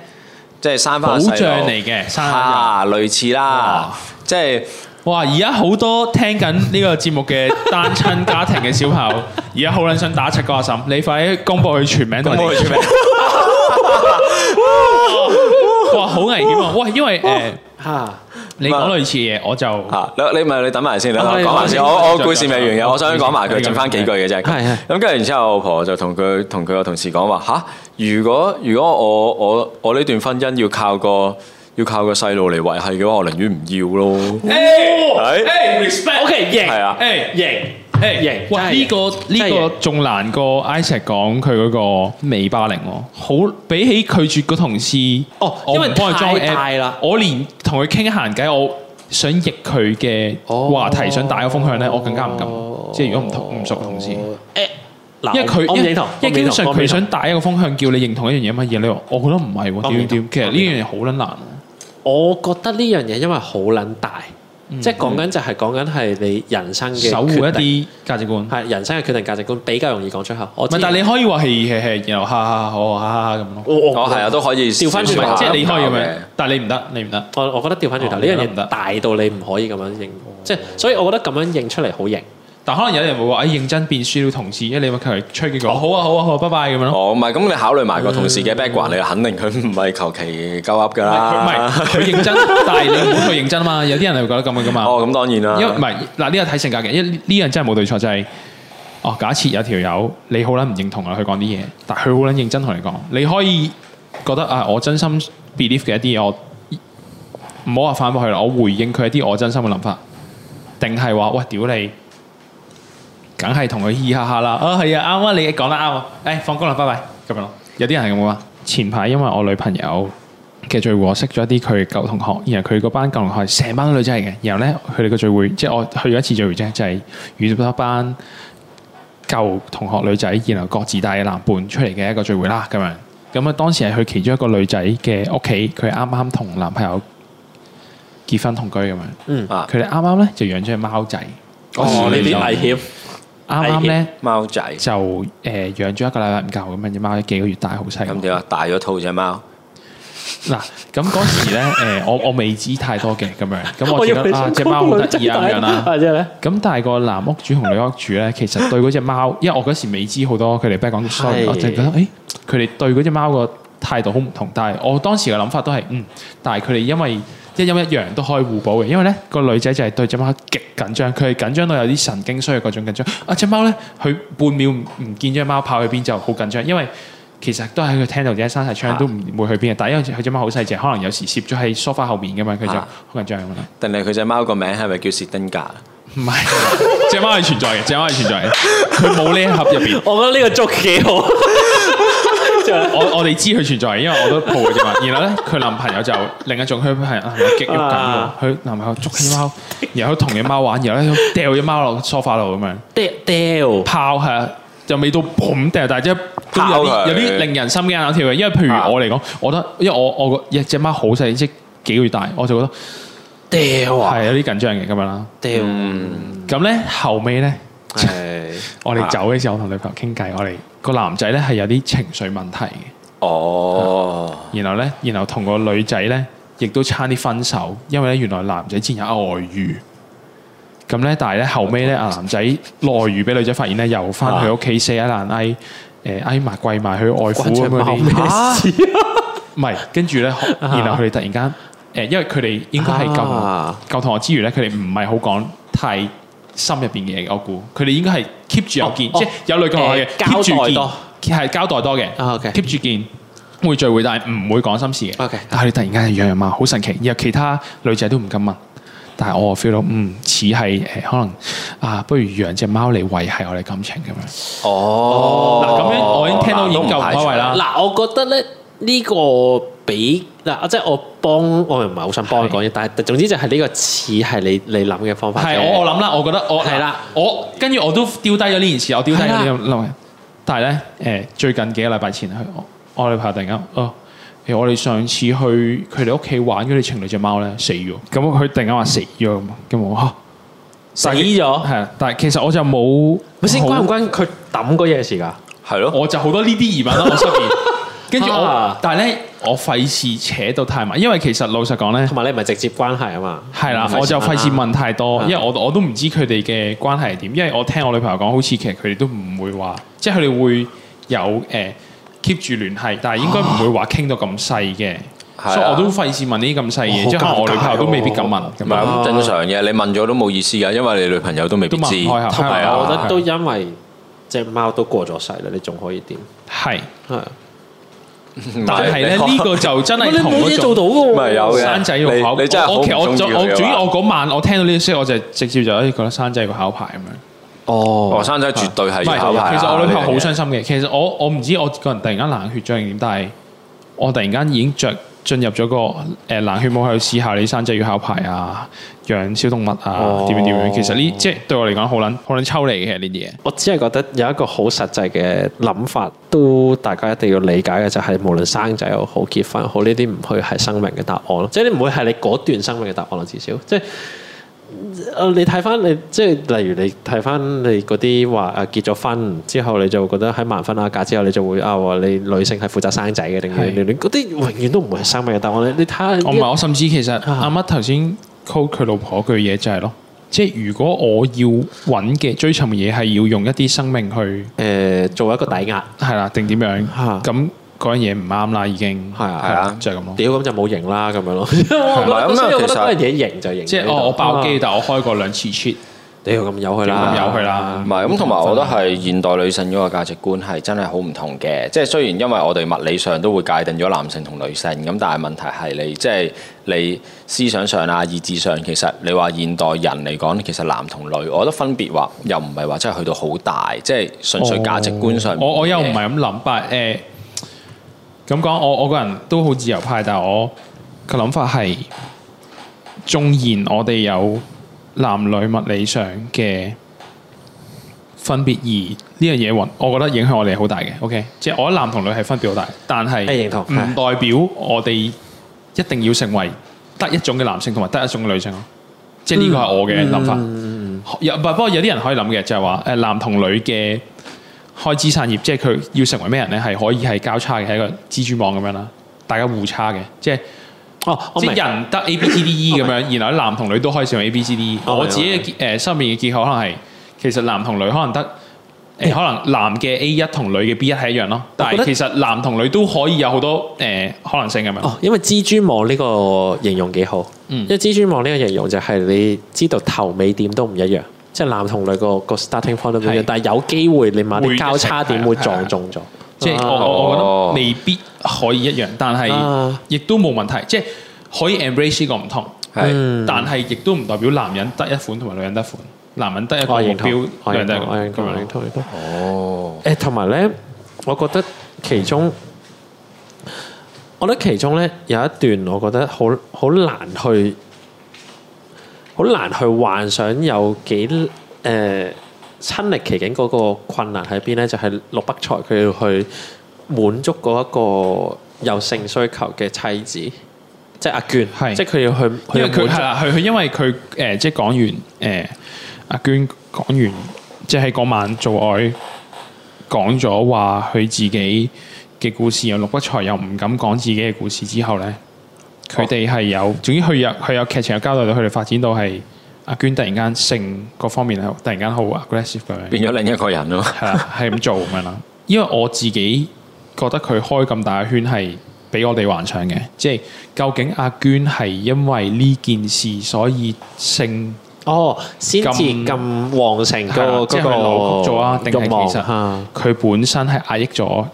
即係生翻嘅，生吓類似啦，即係哇！而家好多聽緊呢個節目嘅單親家庭嘅小朋友，而家好捻想打七個阿嬸，你快啲公布佢全名，公布佢全名。哇，好危險！哇，因為誒吓，你講類似嘢，我就吓你，你咪你等埋先，等講埋先。我我故事未完嘅，我想講埋佢，剩翻幾句嘅啫。咁跟住然之後，婆就同佢同佢個同事講話吓。如果如果我我我呢段婚姻要靠個要靠個細路嚟維係嘅話，我寧願唔要咯。誒，O K，贏，啊，誒，贏，誒，贏。呢個呢個仲難過。Isaac 講佢嗰個尾巴零，好比起拒絕個同事，哦，因為太大啦。我連同佢傾閒偈，我想譯佢嘅話題，想帶個風向咧，我更加唔敢。即係如果唔同唔熟同事。因為佢，因為經常佢想打一個方向，叫你認同一樣嘢乜嘢？你話我覺得唔係喎，點點其實呢樣嘢好撚難。我覺得呢樣嘢因為好撚大，即係講緊就係講緊係你人生嘅守護一啲價值觀，係人生嘅決定價值觀比較容易講出口。但係你可以話係然後哈哈哈，哈哈咁咯。我係啊，都可以。調翻轉唔即係你可以咁樣？但係你唔得，你唔得。我我覺得調翻轉頭呢樣嘢唔得，大到你唔可以咁樣認。即係所以我覺得咁樣認出嚟好型。但可能有人會話：，誒、欸，認真變輸了同事，因為李莫強嚟吹幾個、哦哦、好啊，好啊，好，啊，拜拜咁樣咯。哦，唔係，咁你考慮埋個同事嘅 background，、嗯、你就肯定佢唔係求其鳩噏噶啦。唔係佢認真， 但係你唔好去認真啊嘛。有啲人係會覺得咁樣噶嘛。哦，咁當然啦。因為唔係嗱，呢個睇性格嘅，因為呢樣真係冇對錯，就係哦。假設有條友你好捻唔認同啊，佢講啲嘢，但係佢好捻認真同你講，你可以覺得啊，我真心 believe 嘅一啲嘢，我唔好話反駁佢啦，我回應佢一啲我真心嘅諗法，定係話喂屌你。梗係同佢嘻嘻哈哈啦，啊係啊，啱啊，你講得啱啊，誒、哎，放工啦，拜拜，咁樣咯。有啲人係咁噶嘛？前排因為我女朋友嘅聚會，我識咗啲佢嘅舊同學，然後佢嗰班舊同學成班女仔嚟嘅，然後咧佢哋個聚會，即係我去咗一次聚會啫，就係、是、遇到一班舊同學女仔，然後各自帶嘅男伴出嚟嘅一個聚會啦，咁樣。咁啊，當時係去其中一個女仔嘅屋企，佢啱啱同男朋友結婚同居咁樣，嗯，佢哋啱啱咧就養咗隻貓仔，哦，哦，呢啲危險。啱啱咧，剛剛呢貓仔就誒、呃、養咗一個禮拜唔夠咁樣，隻貓幾個月大，好細。咁點啊？大咗肚啫隻貓。嗱， 咁嗰時咧，誒、呃、我我未知太多嘅咁樣，咁我覺得啊，隻貓好得意啊咁樣啦。咁但係個男屋主同女屋主咧，其實對嗰隻貓，因為我嗰時未知好多佢哋咩講嘢，的我就覺得誒，佢、欸、哋對嗰隻貓個態度好唔同。但係我當時嘅諗法都係嗯，但係佢哋因為。一陰一陽都可以互補嘅，因為咧、那個女仔就係對隻貓極緊張，佢係緊張到有啲神經衰弱嗰種緊張。啊，隻貓咧，佢半秒唔見咗隻貓跑去邊就好緊張，因為其實都喺佢聽到啲閂晒窗都唔會去邊嘅。啊、但係因為佢隻貓好細隻，可能有時攝咗喺梳化後面嘅嘛，佢就好緊張。啊、但係佢隻貓個名係咪叫薛丁格？唔係，隻貓係存在嘅，隻貓係存在嘅，佢冇呢一盒入邊。 我覺得呢個足幾好。 我我哋知佢存在，因為我都抱嘅啫嘛。然後咧，佢男朋友就另一種，佢係有肌肉感，佢男朋友捉起隻貓，然後同隻貓玩，然後咧掉隻貓落梳化度咁樣。掉，拋係，就未到嘭掉，但係即係有啲有啲令人心驚膽跳嘅。因為譬如我嚟講，我覺得，因為我我個隻隻貓好細，即係幾個月大，我就覺得掉啊，係有啲緊張嘅咁樣啦。掉，咁咧後尾咧。 我哋走嘅時候，我同女朋友傾偈，我哋，那個男仔咧係有啲情緒問題嘅。哦、啊，然後咧，然後同個女仔咧，亦都差啲分手，因為咧原來男仔之前有外遇，咁咧，但係咧後尾咧，阿了男仔內遇俾女仔發現咧，又翻去屋企死乞爛唉，誒，挨埋跪埋去外父咁樣。咩事啊？唔係，跟住咧，然後佢哋，啊、突然間，誒，因為佢哋應該係舊舊同學之餘咧，佢哋唔係好講太，心入邊嘅嘢，我估佢哋應該係 keep 住有見，即係有女同學嘅 keep 住見，係交代多嘅，keep 住見會聚會，但係唔會講心事嘅。但係你突然間養隻貓，好神奇，然後其他女仔都唔敢問。但係我 feel 到，嗯，似係誒，可能啊，不如養隻貓嚟維繫我哋感情咁樣。哦，嗱咁樣，我已經聽到已經夠開胃啦。嗱，我覺得咧呢個。俾嗱，即係我幫，我又唔係好想幫你講嘢，但係總之就係呢個似係你你諗嘅方法。係我我諗啦，我覺得我係啦，我跟住我都丟低咗呢件事，我丟低咗呢樣。但係咧，誒，最近幾個禮拜前去，我女朋友突然間，哦，譬如我哋上次去佢哋屋企玩嗰啲情侶隻貓咧死咗，咁佢突然間話死咗，咁我嚇死咗。係，但係其實我就冇，唔先關唔關佢抌嗰嘢事噶？係咯，我就好多呢啲疑問咯，我身邊。跟住我，但係咧。我費事扯到太埋，因為其實老實講咧，同埋你唔係直接關係啊嘛。係啦，我就費事問太多，因為我我都唔知佢哋嘅關係係點。因為我聽我女朋友講，好似其實佢哋都唔會話，即係佢哋會有誒 keep 住聯繫，但係應該唔會話傾到咁細嘅。所以我都費事問呢啲咁細嘢，即係我女朋友都未必敢問。唔係咁正常嘅，你問咗都冇意思㗎，因為你女朋友都未必知。係啊，我覺得都因為隻貓都過咗世啦，你仲可以點？係啊。但係咧，呢個就真係同你冇嘢做到嘅喎，生仔要考，我其實我我主要我嗰晚我聽到呢啲聲，我就直接就誒覺得生仔要考牌咁樣。哦，生仔絕對係。唔係，其實我女朋友好傷心嘅。其實我我唔知我個人突然間冷血咗定點，但係我突然間已經着。進入咗個誒、呃、冷血冇去試下你生仔要考牌啊，養小動物啊，點、哦、樣點樣？其實呢，即係對我嚟講好撚好撚抽離嘅呢啲嘢。我只係覺得有一個好實際嘅諗法，都大家一定要理解嘅就係、是，無論生仔又好結婚又好呢啲，唔去係生命嘅答案咯。即係你唔會係你嗰段生命嘅答案咯，至少即係。哦，你睇翻你即係例如你睇翻你嗰啲話啊結咗婚之後你就會覺得喺萬婚阿嫁之後你就會啊話你女性係負責生仔嘅，定係你你嗰啲永遠都唔會係生命嘅答案。但係你你睇，下，我唔係我甚至其實阿媽頭先 call 佢老婆嘅嘢就係、是、咯，即係如果我要揾嘅追尋嘢係要用一啲生命去誒、呃、做一個抵押係啦，定點樣咁？嗰樣嘢唔啱啦，已經係啊，係啊，就係咁咯。屌咁就冇型啦，咁樣咯。同埋，咁啊，其實嗰樣嘢型就型。即係我爆機，但我開過兩次 cheat，屌咁由佢啦，由佢啦。唔係咁，同埋我覺得係現代女性嗰個價值觀係真係好唔同嘅。即係雖然因為我哋物理上都會界定咗男性同女性咁，但係問題係你即係你思想上啊、意志上，其實你話現代人嚟講，其實男同女，我覺得分別話又唔係話真係去到好大，即係純粹價值觀上。我我又唔係咁諗，但係誒。咁講，我我個人都好自由派，但係我個諗法係，縱然我哋有男女物理上嘅分別，而呢樣嘢我覺得影響我哋好大嘅。OK，即係我覺得男同女係分別好大，但係唔代表我哋一定要成為得一種嘅男性同埋得一種嘅女性。即係呢個係我嘅諗法。嗯嗯、不有不過有啲人可以諗嘅就係話，誒，男同女嘅。開資產業，即係佢要成為咩人咧？係可以係交叉嘅，係一個蜘蛛網咁樣啦，大家互差嘅，即係哦，即係人得 A、B、C、D、E 咁樣，然後男同女都可以使用 A、B、C、D、E。我自己誒、呃、身邊嘅結合可能係，其實男同女可能得誒、呃，可能男嘅 A 一同女嘅 B 一係一樣咯，但係其實男同女都可以有好多誒、呃、可能性咁樣。哦，因為蜘蛛網呢個形容幾好，嗯，因為蜘蛛網呢個形容就係你知道頭尾點都唔一樣。即係男同女個個 starting point 都一樣，但係有機會你買啲交叉點會撞中咗。嗯、即係我我覺得未必可以一樣，但係亦都冇問題，嗯、即係可以 embrace 呢個唔同，係、嗯、但係亦都唔代表男人得一款同埋女人得款，男人得一個目標，女人得女人個目標。哦，誒、欸，同埋咧，我覺得其中，我覺得其中咧有一段，我覺得好好難去。好難去幻想有幾誒親歷其境嗰個困難喺邊咧？就係、是、陸北財佢要去滿足嗰一個有性需求嘅妻子，即係阿娟，是即係佢要去。佢佢因為佢誒、呃，即係講完誒、呃，阿娟講完，即係喺嗰晚做愛，講咗話佢自己嘅故事，又陸北財又唔敢講自己嘅故事之後咧。佢哋係有，總之佢有佢有劇情嘅交代，到佢哋發展到係阿娟突然間性各方面係突然間好 aggressive 咁樣，變咗另一個人咯，係係咁做咁樣啦。 因為我自己覺得佢開咁大嘅圈，係俾我哋幻想嘅，即係究竟阿娟係因為呢件事所以性，哦、oh, 先至咁旺盛嘅，即、就係、做扭曲咗啊？定係望其實佢本身係壓抑咗？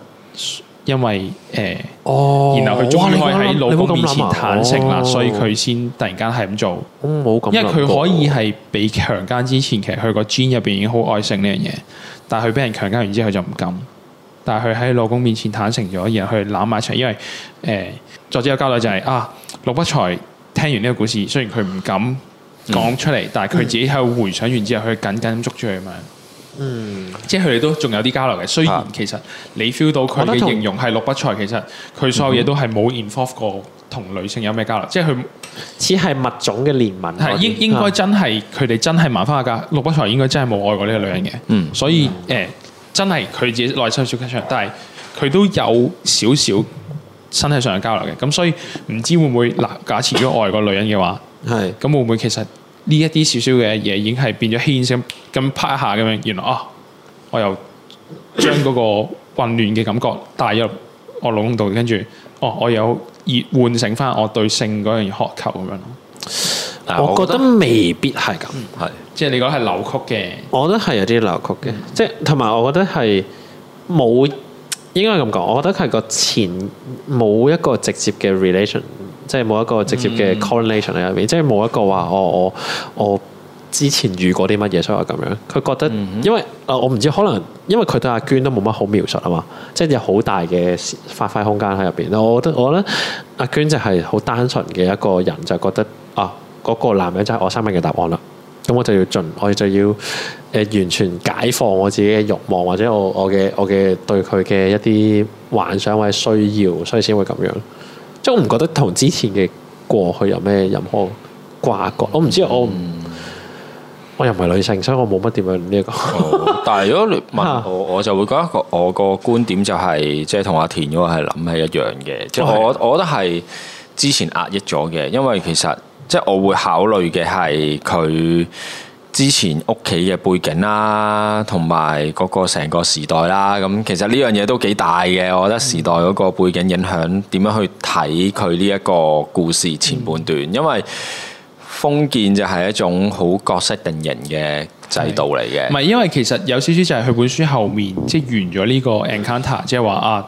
因為誒，呃哦、然後佢終於可以喺老公面前坦誠啦，剛剛所以佢先突然間係咁做。哦、因為佢可以係被強姦之前，其實佢個 gene 入邊已經好愛性呢樣嘢，但係佢俾人強姦完之後就唔敢。但係佢喺老公面前坦誠咗，然後佢攬埋一齊。因為誒、呃，作者有交代就係、是、啊，陸不才聽完呢個故事，雖然佢唔敢講出嚟，嗯、但係佢自己喺回想完之後，佢緊緊捉住佢嘛。嗯，即係佢哋都仲有啲交流嘅。雖然其實你 feel 到佢嘅形容係陸北才，其實佢所有嘢都係冇 involve 過同女性有咩交流。即係佢似係物種嘅聯盟，係應應該真係佢哋真係埋翻下家。陸北才應該真係冇愛過呢個女人嘅。嗯，所以誒，真係佢自己內心小劇場。但係佢都有少少身體上嘅交流嘅。咁所以唔知會唔會嗱，假設如果愛過女人嘅話，係咁是會唔會其實？呢一啲少少嘅嘢，小小已經係變咗牽性，咁拍一下咁樣，原來啊、哦，我又將嗰個混亂嘅感覺帶入我腦中度，跟住哦，我有熱喚醒翻我對性嗰樣嘢渴求咁樣。我覺得未必係咁，係、嗯、即係你講係扭曲嘅。我覺得係有啲扭曲嘅，即係同埋我覺得係冇應該咁講。我覺得係個前冇一個直接嘅 relation。即係冇一個直接嘅 correlation 喺入邊，嗯、即係冇一個話、哦、我我我之前遇過啲乜嘢，所以我咁樣。佢覺得，因為啊、呃，我唔知，可能因為佢對阿娟都冇乜好描述啊嘛，即係有好大嘅發揮空間喺入邊。我覺得我咧阿娟就係好單純嘅一個人，就覺得啊，嗰、嗰個男人就係我生命嘅答案啦。咁我就要盡，我就要誒、呃、完全解放我自己嘅欲望，或者我我嘅我嘅對佢嘅一啲幻想或者需要，所以先會咁樣。都唔覺得同之前嘅過去有咩任何掛角，嗯、我唔知我唔，我又唔係女性，所以我冇乜點樣呢一個、哦。但係如果問我， 我就會覺得個我個觀點就係、是、即係同阿田嗰個係諗係一樣嘅。哦、即係我的我覺得係之前壓抑咗嘅，因為其實即係我會考慮嘅係佢。之前屋企嘅背景啦，同埋個個成個時代啦，咁其實呢樣嘢都幾大嘅。我覺得時代嗰個背景影響點樣去睇佢呢一個故事前半段，因為封建就係一種好角色定型嘅制度嚟嘅。唔係，因為其實有少少就係佢本書後面即係、就是、完咗呢個 encounter，即係話啊，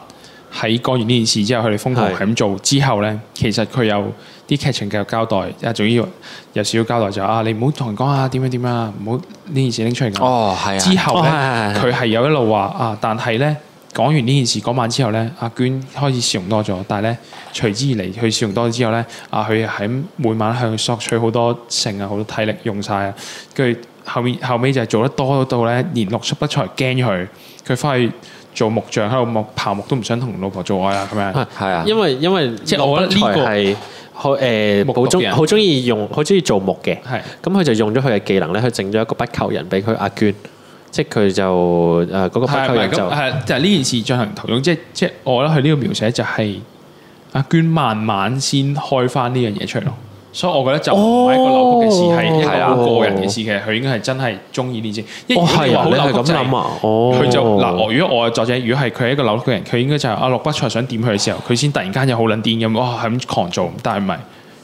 喺幹完呢件事之後，佢哋瘋狂咁做是之後咧，其實佢又。啲劇情繼續交代，啊，仲要有少少交代就啊，你唔好同人講啊，點樣點樣啊，唔好呢件事拎出嚟咁。哦，係啊。之後咧，佢係有一路話啊，但係咧講完呢件事嗰晚之後咧，阿娟開始笑容多咗，但係咧隨之而嚟，佢笑容多咗之後咧，啊，佢喺每晚向佢索取好多性啊，好多體力用晒。啊，跟住後面後尾就係做得多到咧，連落出不才驚咗佢，佢翻去做木匠喺度刨木都唔想同老婆做愛啦咁樣。係啊，因為因為即係我覺得呢個係。佢誒好中好中意用好中意做木嘅，咁佢的就用咗佢嘅技能咧，佢整咗一個不求人俾佢阿娟，即係佢就誒嗰、呃嗰個不求人就係就係、是、呢件事進行唔同用，即、就、即、是就是、我覺得佢呢個描寫就係、是、阿娟慢慢先開返呢樣嘢出嚟咯。所以我覺得就唔係一個扭曲嘅事係、哦、一個個人嘅事嘅，佢是、啊、應該係真係中意呢啲。哦就，係你係咁諗啊？佢就嗱，我如果我作者，如果係佢係一個扭曲嘅人，佢應該就係阿陸南才想點佢嘅時候，佢先突然間又好撚癲咁，哇！係咁狂做，但係唔係？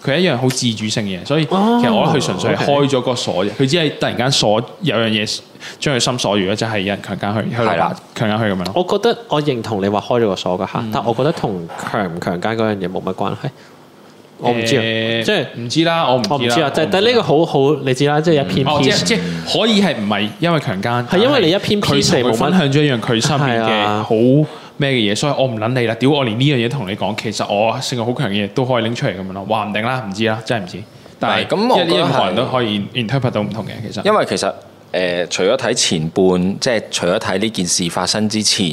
佢係一樣好自主性嘅，所以其實我覺得佢純粹係開咗個鎖嘅，佢只係突然間鎖有樣嘢將佢心鎖就咧，有，有人強吧強奸佢，佢白強奸佢咁樣。我覺得我認同你話開咗個鎖嘅嚇，但我覺得同強唔強奸嗰樣嘢冇乜關係。我唔知啊，即係唔知啦，我唔知啊，知知就但呢個好好你知啦，即係一片 P，即即可以係唔係因為強奸，係因為你一片篇 P，部分享咗一樣佢身邊嘅好咩嘅嘢，所以我唔撚你啦，屌我連呢樣嘢同你講，其實我性格好強嘅嘢都可以拎出嚟咁樣咯，話唔定啦，唔知啦，真係唔知，但係咁任何人都可以 interpret 到唔同嘅其實。誒、呃，除咗睇前半，即係除咗睇呢件事發生之前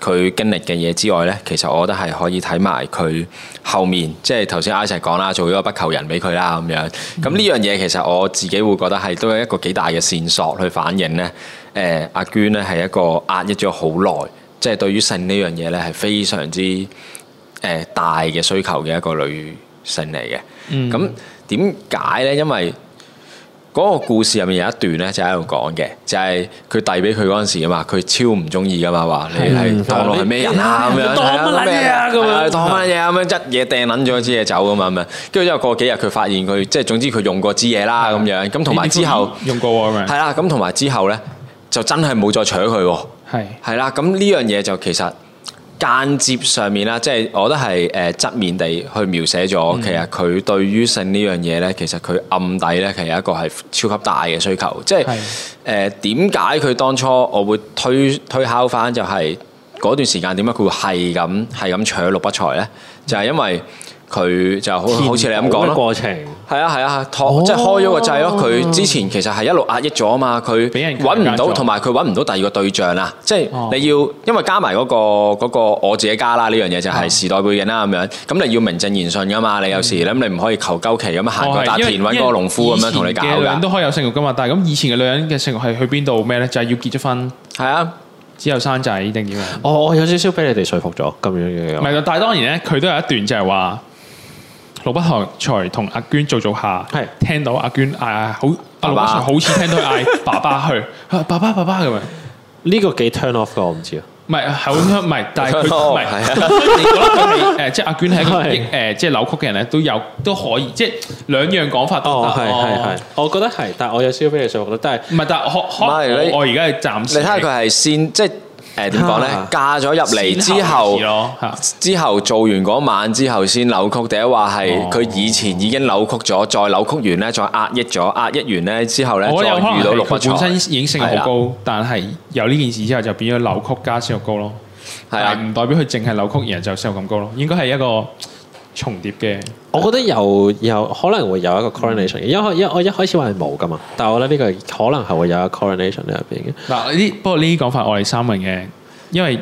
佢經歷嘅嘢之外咧，其實我覺得係可以睇埋佢後面，即係頭先 Isa 講啦，做咗個不求人俾佢啦咁樣。咁呢樣嘢其實我自己會覺得係都係一個幾大嘅線索，去反映咧誒、呃、阿娟咧係一個壓抑咗好耐，即係對於性呢樣嘢咧係非常之誒大嘅需求嘅一個女性嚟嘅。咁點解咧？因為嗰個故事入面有一段咧，就喺度講嘅，就係佢遞俾佢嗰陣時啊嘛，佢超唔中意噶嘛，話你係當我係咩人啊咁樣？當乜嘢啊咁樣？當乜嘢啊咁樣？一嘢掟撚咗支嘢走咁啊嘛，跟住之後過幾日佢發現佢即係總之佢用過支嘢啦咁樣，咁同埋之後用過啊嘛，係啦，咁同埋之後咧就真係冇再搶佢喎，係係啦，咁呢樣嘢就其實。間接上面啦，即係我覺得係誒側面地去描寫咗、嗯，其實佢對於性呢樣嘢咧，其實佢暗底咧其實一個係超級大嘅需求。即係誒點解佢當初我會推推敲翻，就係嗰段時間點解佢會係咁係咁取陸南才咧？就係、是、因為佢就好好似你咁講咯。係啊係啊，啊即係開咗個掣咯。佢之前其實係一路壓抑咗啊嘛，佢俾人揾唔到，同埋佢揾唔到第二個對象啦。即係你要，哦、因為加埋嗰、嗰個、嗰個我自己加啦呢樣嘢就係時代背景啦咁樣。咁你要名正言順噶嘛？你有時、嗯、你唔可以求鳩其咁行個打田揾個農夫咁樣同你搞人都可以有性欲噶嘛，但係咁以前嘅女人嘅性欲係去邊度咩咧？就係、是、要結咗婚，係是啊，之後生仔一定要。啊、哦？我有少少俾你哋說服咗咁樣樣。唔係，但係當然咧，佢都有一段就係話。陸南才同阿娟做做下，係聽到阿娟嗌好，阿陸南才好似聽到嗌爸爸去，爸爸爸爸咁樣，呢個幾 turn off 噶，我唔知啊。唔係好唔係，但係佢唔係你誒，即係阿娟係一個誒，即係扭曲嘅人咧，都有都可以，即係兩樣講法都係。係係係，我覺得係，但係我有消費嘅想法我覺得都係唔係？但係我我我而家係暫時，睇下佢係先即係。誒點講咧？嫁咗入嚟之後，之後，之後做完嗰晚之後先扭曲，第一話係佢以前已經扭曲咗，再扭曲完咧，再壓抑咗，壓抑完咧之後咧，再遇到六分。我覺得可能係佢本身性好高，的但係有呢件事之後就變咗扭曲加先咁高咯。係啊的，唔代表佢淨係扭曲然後就先咁高咯，應該係一個。重疊嘅，我覺得有有可能會有一個 correlation 嘅、嗯，因為一我一開始話係冇噶嘛，但係我覺得呢個可能係會有一個 correlation 喺入邊嘅。嗱呢，不過呢啲講法我哋三個人嘅，因為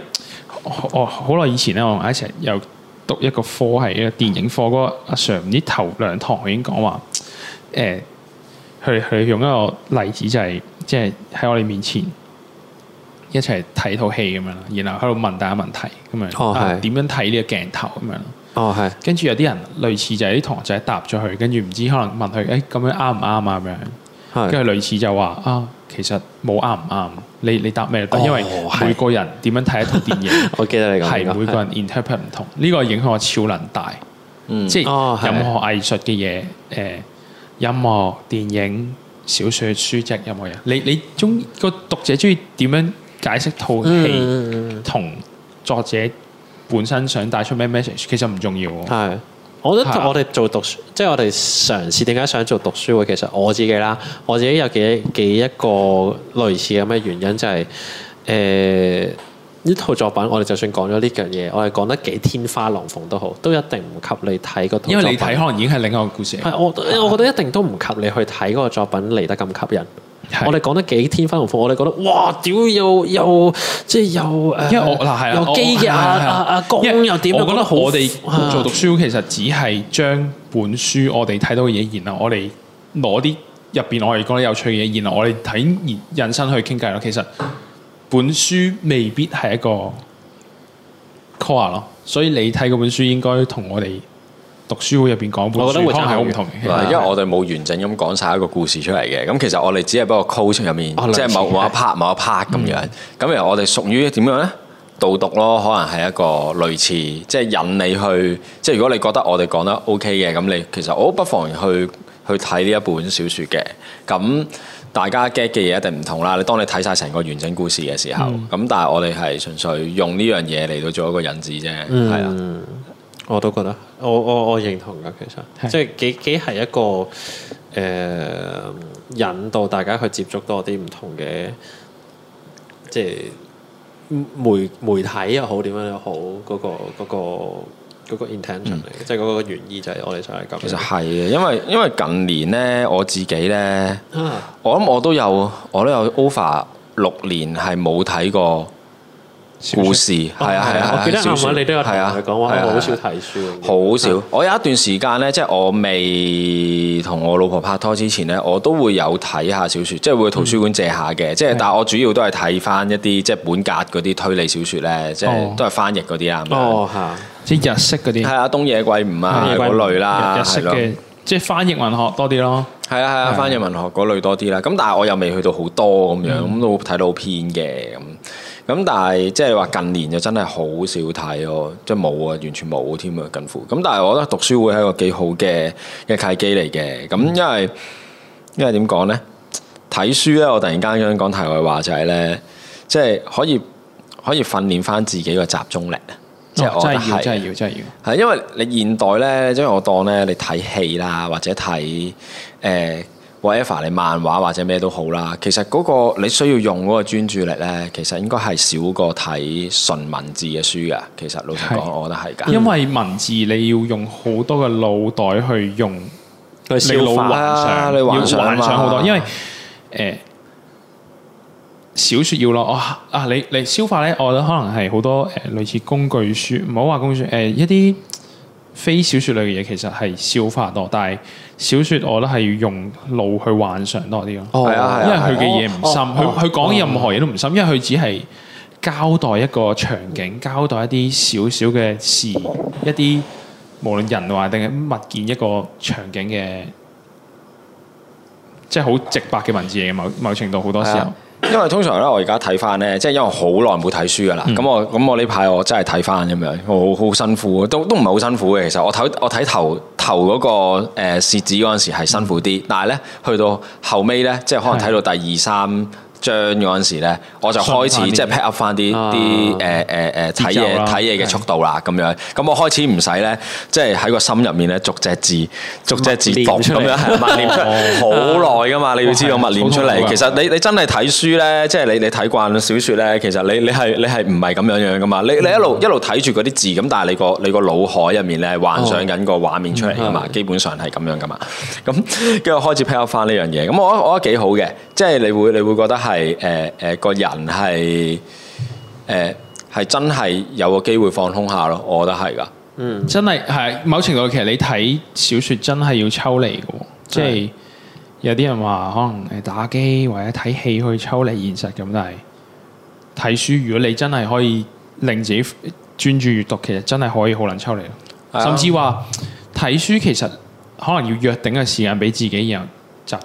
我好耐以前咧，我同一齊又讀一個科係一個電影科，嗰個阿 Sir 啲頭兩堂已經講話，誒、呃，佢佢用一個例子就係、是，即係喺我哋面前一齊睇套戲咁樣，然後喺度問大家問題咁、啊哦、樣，樣，啊點樣睇呢個鏡頭咁樣。哦，係，跟住有啲人類似就係啲同學仔答咗佢，跟住唔知可能問佢，誒、欸、咁樣啱唔啱啊咁樣，跟住是類似就話啊，其實冇啱唔啱，你你答咩、哦、因為每個人點樣睇一套電影， 我記得你咁講，係每個人 interpret 唔是同，呢、這個影響我超能大，嗯、即係是、哦、任何藝術嘅嘢，誒、呃、音樂、電影、小說、書籍任何嘢，你你，你中、那個讀者中意點樣解釋套戲同作者，本身想帶出咩 message，其實唔重要。係的，我覺得我哋做讀書，即、就、係、是、我哋嘗試點解想做讀書會。其實我自己啦，我自己有幾幾一個類似咁嘅原因、就是，就係誒呢套作品我，我哋就算講咗呢樣嘢，我哋講得幾天花龍鳳都好，都一定唔及你睇嗰套作品。因為你睇可能已經係另外一個故事。係我，的我覺得一定都唔及你去睇嗰個作品嚟得咁吸引。是我哋講得幾天翻龍鳳，我哋覺得哇，屌又又即係又誒，又機人、呃、啊啊公又點？我我覺得好，我哋做讀書其實只係將本書我哋睇到嘅嘢，然後、啊、我哋攞啲入邊我哋講啲有趣嘅嘢，然後我哋睇人生去傾偈咯。其實本書未必係一個 core 咯，所以你睇嗰本書應該同我哋。讀書會入邊講本書，真係好唔同。因為我哋冇完整咁講晒一個故事出嚟嘅。咁、啊、其實我哋只係不過 coach 入面，即係、啊、某一 part 某一 part 咁樣。咁而、啊嗯、我哋屬於點樣咧？導讀咯，可能係一個類似，即係引你去。即係如果你覺得我哋講得 OK 嘅，咁你其實我都不妨去去睇呢一本小説嘅。咁大家 get 嘅嘢一定唔同啦。你當你睇晒成個完整故事嘅時候，咁、嗯、但係我哋係純粹用呢樣嘢嚟到做一個引子啫，係、嗯、啊。我都覺得，我我我認同㗎，其實即係的幾幾係一個誒、呃、引導大家去接觸多啲唔同嘅，即係媒媒體又好點樣又好，嗰個嗰個嗰個 intention 嚟嘅，嗯、即係嗰個原意就係我哋想係咁。其實係嘅，因為因為近年咧，我自己咧，我諗我都有我都有 over 六年係冇睇過。故事係啊係啊，我記得啱啱你都有同佢講，我好少睇書。好少，我有一段時間咧，即係我未同我老婆拍拖之前咧，我都會有睇下小説，即係會去圖書館借下嘅。即係，但係我主要都係睇翻一啲即係本格嗰啲推理小説咧，即係都係翻譯嗰啲啊。哦，即係日式嗰啲。係啊，東野圭吾啊嗰類啦，係咯，即係翻譯文學多啲咯。係啊係啊，翻譯文學嗰類多啲啦。咁但係我又未去到好多咁樣，咁都睇到好偏嘅咁。咁但係即係話近年就真係好少睇咯，即係冇啊，完全冇添啊，近乎。咁但係我覺得讀書會係一個幾好嘅嘅契機嚟嘅。咁、嗯、因為因為點講咧？睇書咧，我突然間想講題外話就係、是、咧，即、就、係、是、可以可以訓練翻自己個集中力。哦、我真係要，真係要，真係要。係，因為你現代咧，即係我當咧，你睇戲啦，或者睇誒。呃我 e v 你漫畫或者咩都好啦，其實嗰、那個你需要用嗰個專注力咧，其實應該係少過睇純文字嘅書㗎。其實老實講，是我覺得係㗎。因為文字你要用好多嘅腦袋去用去、啊、你化，要幻想好多。因為誒、呃、小説要咯，啊你你消化咧，我覺得可能係好多誒、呃、類似工具書，唔好話工具誒、呃、一啲非小説類嘅嘢，其實係消化多，但係。小説我都係要用腦去幻想多啲咯，哦、因為佢嘅嘢唔深，佢佢講任何嘢都唔深，哦、因為佢只係交代一個場景，交代一啲少少嘅事，一啲無論人話定係物件一個場景嘅，即係好直白嘅文字嚟嘅，某某程度好多時候。嗯因為通常咧、嗯，我而家睇翻咧，即係因為好耐冇睇書㗎喇，咁我咁我呢排我真係睇翻咁樣，我好辛苦，都都唔係好辛苦嘅。其實我睇我睇頭頭嗰、嗰個誒楔子嗰陣時係辛苦啲，但係咧去到後尾咧，即係可能睇到第二是的 三張嗰陣時咧，我就開始即係 pick up 翻啲啲誒誒誒睇嘢睇嘢嘅速度啦，咁樣咁我開始唔使咧，即係喺個心入面咧逐隻字逐隻字讀出咁樣係默唸出，好耐噶嘛，你要知道默念出嚟。其實你你真係睇書咧，即係你你睇慣小説咧，其實你你係你係唔係咁樣樣噶嘛？你你一路一路睇住嗰啲字咁，但係你個你個腦海入面你幻想緊個畫面出嚟噶嘛？基本上係咁樣噶嘛。咁跟住開始 pick up 翻呢樣嘢，咁我我覺得幾好嘅，即係你會你會覺得係。係誒誒，個人係誒係真係有個機會放空下咯，我覺得係噶。嗯，真係係某程度其實你睇小說真係要抽離嘅，即係的有啲人話可能誒打機或者睇戲去抽離現實咁，但係睇書，如果你真係可以令自己專注閱讀，其實真係可以好撚抽離的甚至話睇書其實可能要約定嘅時間俾自己人。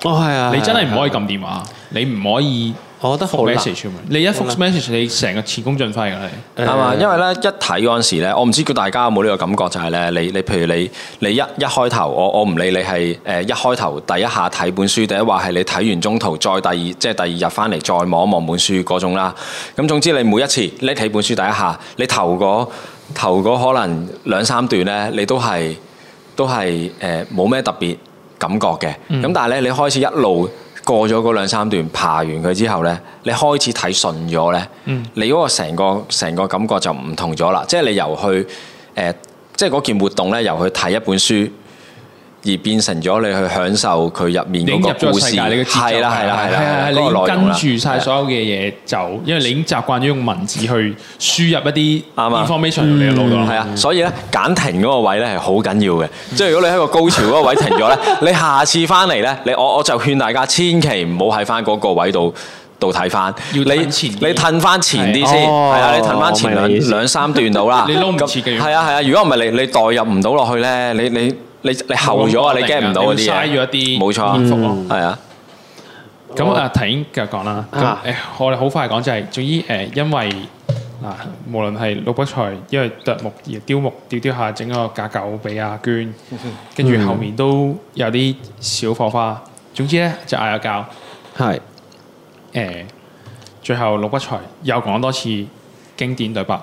哦，係啊！你真係唔可以撳電話，啊、你唔可以。我覺得復你一復 message，難你成個前功盡廢㗎，你係嘛吧？因為咧，一睇嗰陣時咧，我唔知叫大家有冇呢個感覺，就係、是、咧，你你譬如你你一一開頭，我我唔理你係誒一開頭第一下睇本書，第一話係你睇完中途再第二，即、就、係、是、第二日翻嚟再望一望本書嗰種啦。咁總之你每一次你一睇本書第一下，你頭嗰頭嗰可能兩三段咧，你都係都係誒冇咩特別感覺嘅，咁、嗯、但係咧，你開始一路過咗嗰兩三段，爬完佢之後咧，你開始睇順咗咧，嗯、你嗰個成個成個感覺就唔同咗啦。即係你由去誒、呃，即係嗰件活動咧，由去睇一本書，而變成咗你去享受佢入面嗰個故事，係啦係啦係啦，係係你跟住晒所有嘅嘢就，因為你已經習慣咗用文字去輸入一啲 information 入你嘅腦度。係啊，所以咧，揀停嗰個位咧係好緊要嘅。即係如果你喺個高潮嗰個位停咗咧，你下次翻嚟咧，你我我就勸大家千祈唔好喺翻嗰個位度度睇翻。你你褪翻前啲先，係啊，褪翻前兩兩三段到啦。你撈唔切嘅，係啊係啊。如果唔係你你代入唔到落去咧，你你。你你後咗啊！你驚唔到嗰啲，嘥咗啲，冇錯，係啊。咁啊，霆繼續講啦。咁，誒，我哋好快講就係，總之誒，因為嗱，無論係陸北財，因為啄木而雕木雕雕下整個架架好俾阿娟，跟住後面都有啲小火花。總之咧就嗌一交，係。誒，最後陸北財又講多次經典對白。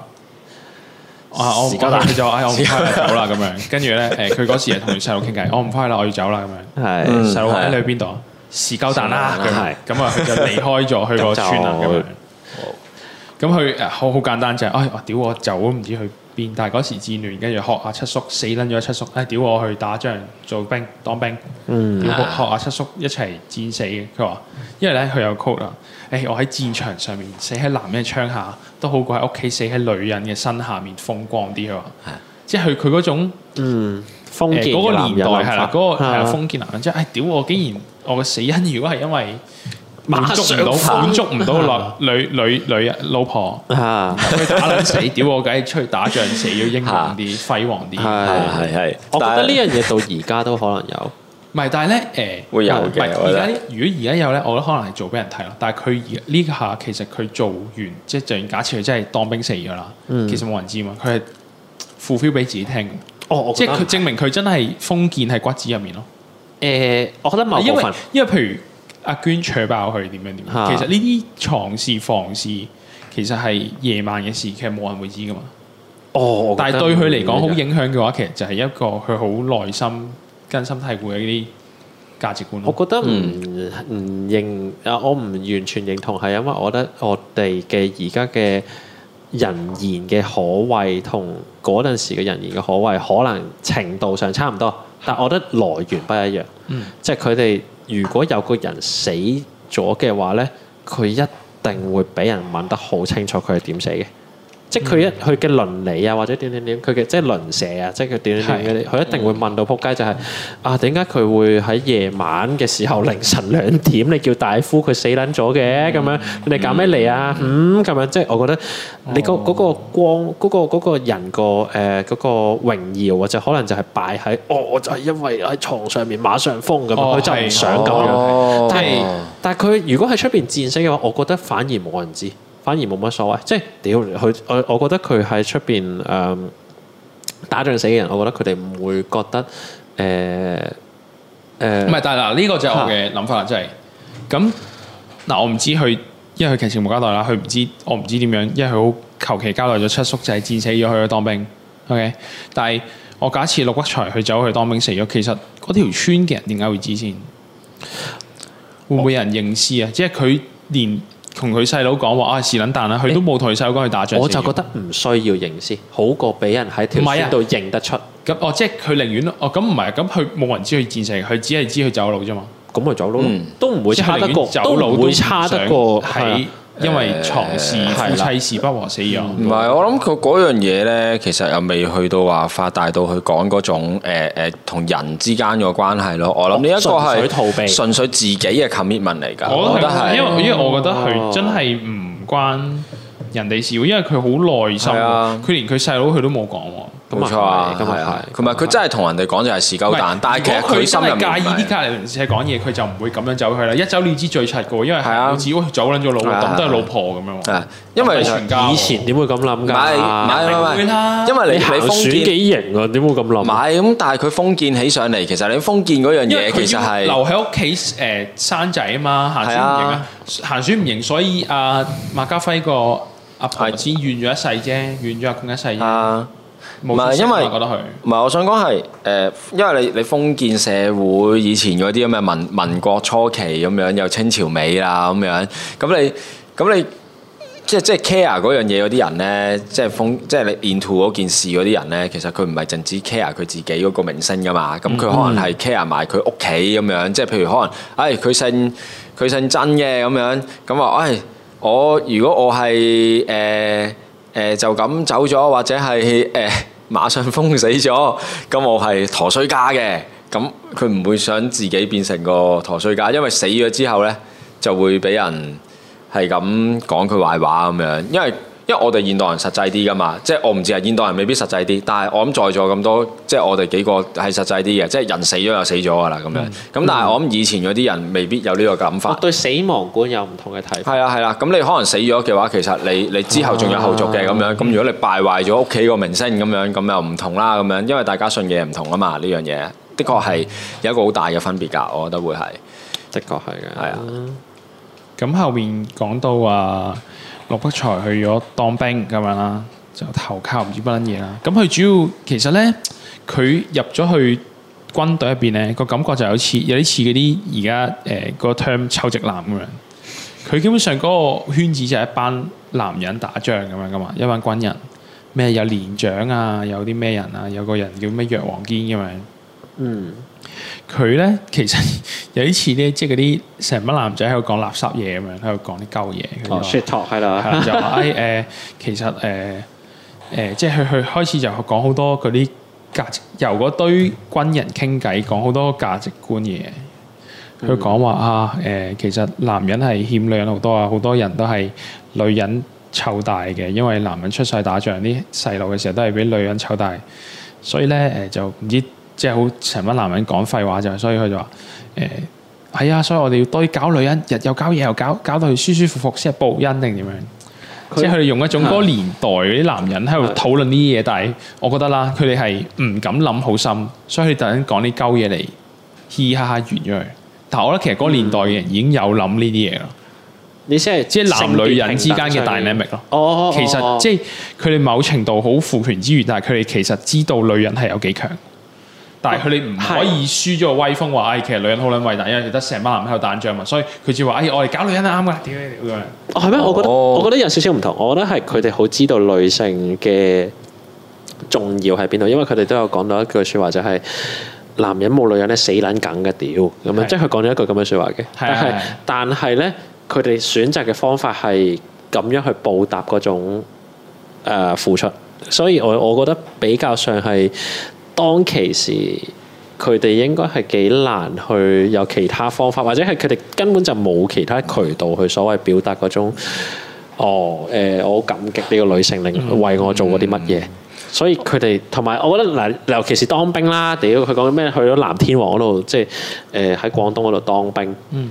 啊、哎！我唔該，佢就啊！我唔翻嚟走啦咁樣，跟住咧誒，佢、欸、嗰時又同細路傾偈， 我唔翻嚟啦，我要走啦咁樣。係細路，你去邊度啊？時交彈啦，咁啊，佢是就離開咗去個村啦咁樣，樣。咁佢好好簡單就係、是，哎我屌我走都唔知去。變大嗰時戰亂，跟住學下七叔死撚咗七叔，哎屌我去打仗做兵當兵，屌、嗯、學下七叔一齊戰死。佢話因為咧佢有曲啦，哎我喺戰場上面死喺男人嘅槍下，都好過喺屋企死喺女人嘅身下面風光啲。佢話即係佢佢嗰種封、嗯、建嗰、呃嗰個年代係啦，嗰、嗯嗰個係封建男人，即、哎、係屌我，我竟然我嘅死因如果係因為。嗯滿足唔到滿足唔到女女女女老婆啊，去打兩死，屌我梗係出去打仗死咗英勇啲，輝煌啲。係係係，我覺得呢樣嘢到而家都可能有。唔係，但係咧，誒會有嘅。而家如果而家有咧，我覺得可能係做俾人睇咯。但係佢而呢下其實佢做完，即係就算假設佢真係當兵死咗啦，其實冇人知嘛。佢係 fulfill 俾自己聽。哦，即係佢證明佢真係封建喺骨子入面咯。誒，我覺得某因為因為譬如。阿娟扯爆佢點樣點樣？其實呢啲藏事房事，其實係夜晚嘅事，其實冇人會知㗎嘛。哦，但係對佢嚟講好、嗯、影響嘅話，其實就係一個佢好內心根深蒂固嘅呢啲價值觀。我覺得唔唔、嗯、認啊，我唔完全認同，係因為我覺得我哋嘅而家嘅人言嘅可畏同嗰陣時嘅人言嘅可畏，可能程度上差唔多，嗯、但我覺得來源不一樣。嗯、即係佢哋。如果有個人死咗嘅話咧，佢一定會畀人問得好清楚，佢係點死嘅。即係佢一佢嘅鄰里啊，或者點點點，佢嘅即係鄰舍啊，即係佢點點點佢一定會問到撲街、就是，就係、嗯、啊點解佢會喺夜晚嘅時候凌晨兩點你叫大夫，佢死撚咗嘅咁樣，你搞咩嚟啊？咁、嗯嗯、樣，即係我覺得你、嗰個哦、個光嗰、嗰個嗰個人個誒嗰個榮耀啊，就可能就係擺喺哦，我就係、是、因為喺床上面馬上風咁，佢就唔想咁樣。樣哦哦、但係但係佢如果喺出邊戰死嘅話，我覺得反而冇人知。反而冇乜所謂，即係屌佢我，我覺得佢喺出邊誒打仗死嘅人，我覺得佢哋唔會覺得誒誒，唔、呃、係、呃、但係嗱呢個就係我嘅諗法啦，即係咁嗱，我唔知佢，因為佢劇情冇交代啦，佢唔知我唔知點樣，因為佢好求其交代咗七叔就係戰死咗、okay? 佢去當兵，OK，但係我假設陸南才佢走去當兵死咗，其實嗰條村嘅人點解會知先？會唔會有人認屍啊？我即係佢連。同佢細佬講話啊，是撚但啦！佢、哎、都冇同佢細佬講去打仗、欸。我就覺得唔需要認先，好過俾人喺條線度認得出。咁、啊、哦，即係佢寧願哦，咁唔係，咁佢冇人知佢戰成，佢只係知佢走佬啫嘛。咁咪走佬咯，都唔會差得，走佬會差得過喺。因為床事夫妻事不和死有不，死、嗯、樣。唔係，我諗佢嗰樣嘢咧，其實又未去到話發大到去講嗰種誒、呃呃、同人之間嘅關係咯。我諗呢一個係逃避純粹自己嘅 commitment 嚟㗎。我，我覺得係，因為因為我覺得佢真係唔關人哋事，嗯哦、因為佢好內心，佢連佢細佬佢都冇講喎。冇錯啊，都係啊，同埋佢真係同人哋講就係事狗蛋，但係佢心又介意啲隔離人士講嘢，佢就唔會咁樣走去啦。一走了之最柒噶，因為我知，喂，走撚咗老婆，咁都係老婆咁樣。因為以前點會咁諗㗎？買買買啦！因為你你封建幾型啊？點會咁諗？買咁，但係佢封建起上嚟，其實你封建嗰樣嘢，其實係留喺屋企誒生仔啊嘛，行選唔贏，行選唔贏，所以阿馬家輝個阿牌子怨咗一世啫，怨咗阿公一世。唔係因為，唔係我想講係誒，因為你你封建社會以前嗰啲咁嘅民民國初期咁樣，又清朝尾啦咁樣，咁你咁你即係即係 care 嗰樣嘢嗰啲人咧，即係封即係你 into 嗰件事嗰啲人咧，其實佢唔係淨止 care 佢自己嗰個名聲噶嘛，咁佢可能係 care 埋佢屋企咁樣，即係譬如可能誒佢姓佢姓曾嘅咁樣，咁話誒我如果我係誒誒就咁走咗或者係誒。馬上封死咗，咁我係陀衰家嘅，咁佢唔會想自己變成個陀衰家，因為死咗之後咧就會俾人係咁講佢壞話咁樣，因為。因為我哋現代人實際啲噶嘛，即係我唔知係現代人未必實際啲，但係我諗在座咁多，即係我哋幾個係實際啲嘅，即係人死咗又死咗噶啦咁樣。咁、嗯、但係我諗以前嗰啲人未必有呢個感發、哦。對死亡觀有唔同嘅睇法。係啊係啦，咁、啊、你可能死咗嘅話，其實你你之後仲有後續嘅咁樣。咁如果你敗壞咗屋企個名聲，咁樣，咁又唔同啦咁樣。因為大家信嘅唔同啊嘛，呢樣嘢的確係有一個好大嘅分別㗎，我覺得會係。的確係嘅。係啊。咁後面講到話。陸北才去咗當兵咁樣啦，就投靠唔知乜撚嘢啦。咁佢主要其實咧，佢入咗去軍隊入邊咧，個感覺就好似有啲似嗰啲而家誒個 term 臭直男咁樣。佢基本上嗰個圈子就係一班男人打仗咁樣噶嘛，一班軍人咩有連長啊，有啲咩人啊，有個人叫咩藥黃堅咁樣。嗯。佢咧其實有啲似咧，即係嗰啲成班男仔喺度講垃圾嘢咁樣，喺度講啲鳩嘢。哦、oh,，shit talk 係、right. 啦， 就話誒，其實誒誒、呃呃，即係佢開始就講好多嗰啲價值，由嗰堆軍人傾偈，講好多價值觀嘢。佢講話啊，誒、呃，其實男人係欠女人好多啊，好多人都係女人湊大嘅，因為男人出世打仗，啲細路嘅時候都係俾女人湊大，所以咧誒就唔知。即係好成班男人講廢話就係，所以佢就話誒係啊，所以我哋要多搞女人，日又搞夜又搞，搞到佢舒舒服服先係報恩定點樣？他即係佢哋用一種嗰個年代嗰啲男人喺度討論呢啲嘢，的但係我覺得啦，佢哋係唔敢諗好深，所以佢哋突然講啲鳩嘢嚟嘻嘻哈哈完咗佢。但係我覺得其實嗰個年代嘅人已經有諗呢啲嘢啦。你、嗯、即係即係男女人之間嘅大秘密咯。其實即係佢哋某程度好賦權之餘，但係佢哋其實知道女人係有幾強。但係佢哋唔可以輸咗個威風，話，的其實女人好撚偉大，因為得成班男人喺度打仗嘛。所以佢就話，唉、哎，我哋搞女人係啱噶，屌！係咩、哦？我覺得、哦、我覺得有少少唔同。我覺得係佢哋好知道女性嘅重要喺邊度，因為佢哋都有講到一句説話，就係、是、男人冇女人咧死撚梗嘅屌咁樣。的即係佢講咗一句咁嘅説話嘅。係係，但係咧，佢哋選擇嘅方法係咁樣去報答嗰種、呃、付出。所以我我覺得比較上係。當其時，佢哋應該係幾難去有其他方法，或者係佢哋根本就冇其他渠道去所謂表達嗰種哦。誒、呃，我好感激呢個女性令為我做過啲乜嘢，嗯嗯、所以佢哋同埋我覺得嗱，尤其是當兵啦，點？佢講咩？去咗南天王嗰度，即係誒喺廣東嗰度當兵。嗯。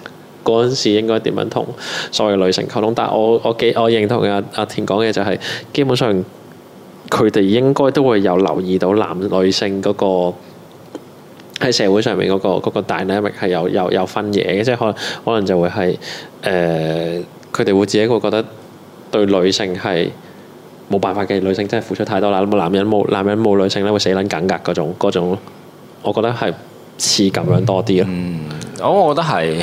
嗰陣時應該點樣同所謂女性溝通？但係我我幾我認同阿阿田講嘅就係，基本上佢哋應該都會有留意到男女性嗰個喺社會上面嗰個嗰個 dynamic，係有有有分嘢嘅，即係可能可能就會係誒佢哋會自己會覺得對女性係冇辦法嘅，女性真係付出太多啦，咁男人冇男人冇女性咧會死撚緊格嗰種，嗰種我覺得係似咁樣多啲咯。嗯嗯 oh，我覺得係。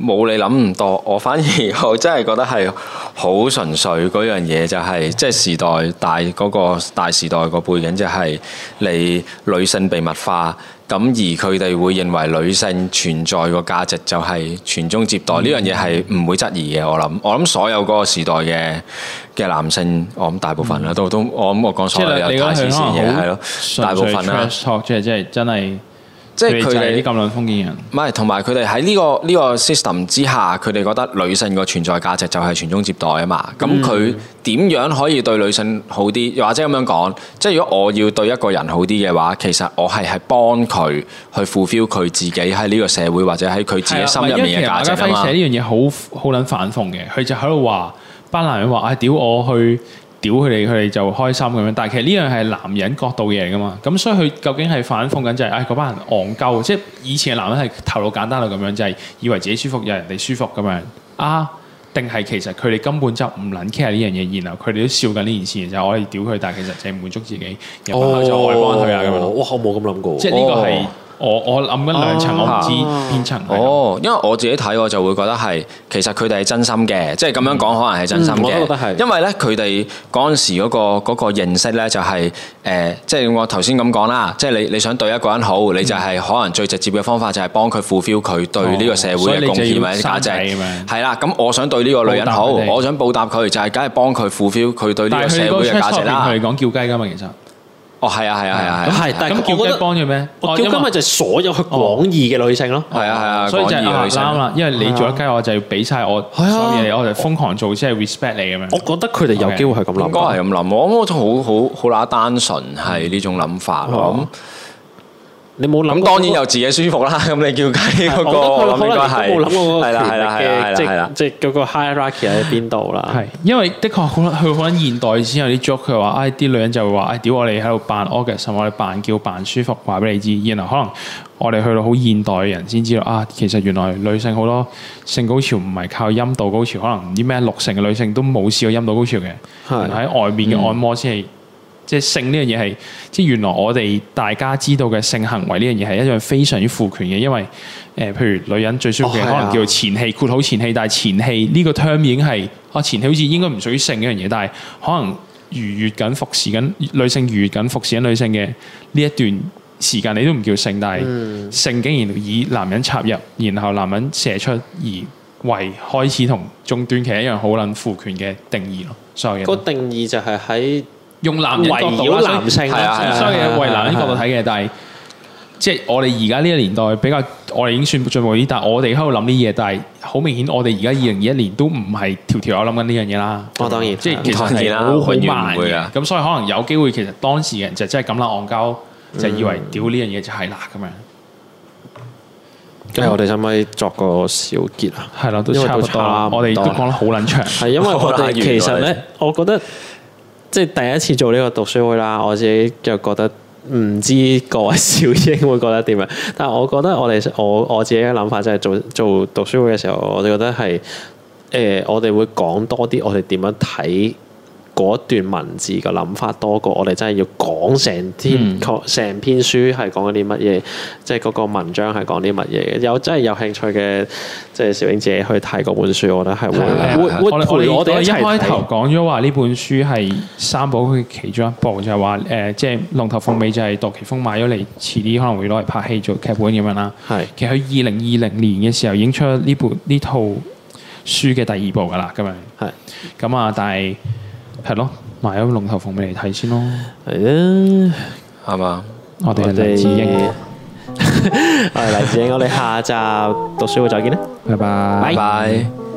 冇你諗唔多，我反而我真係覺得係好純粹嗰樣嘢，就係即係時代大嗰、嗰個大時代個背景，就係你女性被物化，咁而佢哋會認為女性存在個價值就係傳宗接代，呢、嗯、樣嘢係唔會質疑嘅。我諗，我諗所有嗰個時代嘅嘅男性，我諗大部分啦、嗯，都都我諗我講所謂是有太淺顯嘢，係咯對，純粹 大部分啦。即係佢哋咁樣封建人，唔係同埋佢哋喺呢個呢個 system 之下，佢哋覺得女性嘅存在價值就係傳宗接代啊嘛。咁佢點樣可以對女性好啲？或者咁樣講，即係如果我要對一個人好啲嘅話，其實我係係幫佢去 fulfill 佢自己喺呢個社會或者喺佢自己心入面嘅價值啊嘛。因為其實馬家輝寫呢樣嘢好好撚反諷嘅，佢就喺度話班男人話：唉，屌我去！屌佢哋，佢哋就開心咁樣。但係其實呢樣係男人角度嘢嚟㗎嘛。咁所以佢究竟係反諷緊就係、是，誒嗰班人戇鳩，即係以前嘅男人係頭腦簡單到咁樣，就係、是、以為自己舒服有人哋舒服咁樣啊？定係其實佢哋根本就唔撚 care 呢樣嘢，然後佢哋都笑緊呢件事，就我哋屌佢，但係其實就係滿足自己，有啲就外幫佢啊咁樣。哇、哦！我冇咁諗過，即係呢個係。哦哦我我諗緊兩層，我唔知邊層。哦，因為我自己睇我就會覺得係，其實佢哋係真心嘅，即係咁樣講可能係真心嘅、嗯。我覺得係，因為咧佢哋嗰陣時嗰、那個嗰、那個、認識咧就係、是、誒，即、呃、係、就是、我頭先咁講啦，即、就、係、是、你你想對一個人好，你就係可能最直接嘅方法就係幫佢 fulfill 佢對呢個社會嘅貢獻或者價值。係啦樣，咁我想對呢個女人好，我想報答佢就係梗係幫佢 fulfill 佢對呢個社會嘅價值啦。佢嗰係講叫雞㗎嘛，其實？哦，係啊，係啊，係啊，係。咁係，但係叫佢幫嘅咩？我叫今日就所有去廣義嘅女性咯。係啊，係啊，所以廣義嘅女性啦。因為你做一雞，我就要俾晒我。所以我哋瘋狂做先係 respect 你咁樣。我覺得佢哋有機會係咁諗，應該係咁諗。我覺得好好好乸單純係呢種諗法咯。你冇諗、那個，咁當然有自己舒服啦。咁你叫雞、這、嗰個咁啱係，係啦，係啦，係啦，係啦，即係嗰個 hierarchy 喺邊度啦？係， 因為的確好，去好現代先有啲 job，佢話，唉、哎，啲女人就會話，唉、哎，屌我哋喺度扮 orgasm，我哋扮叫扮舒服，話俾你知。然後可能我哋去到好現代嘅人先知道，啊，其實原來女性好多性高潮唔係靠陰道高潮，可能啲咩六成嘅女性都冇試過陰道高潮嘅，喺的外面嘅按摩先係、嗯。即性呢樣嘢係，即原來我哋大家知道嘅性行為呢樣嘢係一樣非常之父權嘅，因為誒、呃，譬如女人最需要嘅可能叫前戲，括弧、哦啊、前戲，但係前戲呢個 term 已經係啊，前戲好似應該唔屬於性呢樣嘢，但係可能愉悅緊服侍緊女性，愉悅緊服侍緊女性嘅呢一段時間，你都唔叫性，但係、嗯、性竟然以男人插入，然後男人射出而為開始同，中短期一樣好撚父權嘅定義咯，所有嘢個定義就係喺。用男為男，角度睇嘅，係啊，所以為男呢個角度睇嘅，但係即係我哋而家呢個年代比較，我哋已經算進步啲，但係我哋喺度諗啲嘢，但係好明顯，我哋而家二零二一年都唔係條條有諗緊呢樣嘢啦。我當然即係其實係好好慢嘅，咁所以可能有機會，其實當時嘅人就真係咁啦，戇交就以為屌呢樣嘢就係辣咁樣。咁我哋可唔可以作個小結啊？係啦，都差唔多，我哋都講得好撚長。係因為我哋其實咧，我覺得。即係第一次做呢個讀書會啦，我自己就覺得唔知各位小英會覺得點樣，但係我覺得我哋我我自己嘅諗法就係做做讀書會嘅時候，我哋覺得係誒、呃，我哋會講多啲我哋點樣睇嗰段文字嘅諗法多過我哋真係要講成篇，成篇書係講啲乜嘢，即係嗰個文章係講啲乜嘢？有真係有興趣嘅，即係小影姐去睇嗰本書，我，我覺得係會會陪我哋一開頭講咗話呢本書係三部曲，佢其中一部，呃，就係話誒，即係龍頭鳳尾就係杜琪峰買咗嚟，遲啲可能會攞嚟拍戲做劇本咁樣啦。係是的 其實佢二零二零年嘅時候已經出呢本呢套書嘅第二部噶啦，咁樣係咁啊，是的 但係。係咯，買咗個龍頭鳳尾俾你睇先咯。係啊吧，係嘛，我哋係黎志英，係 黎志英，我哋下集讀書會再見啦，拜拜，拜拜。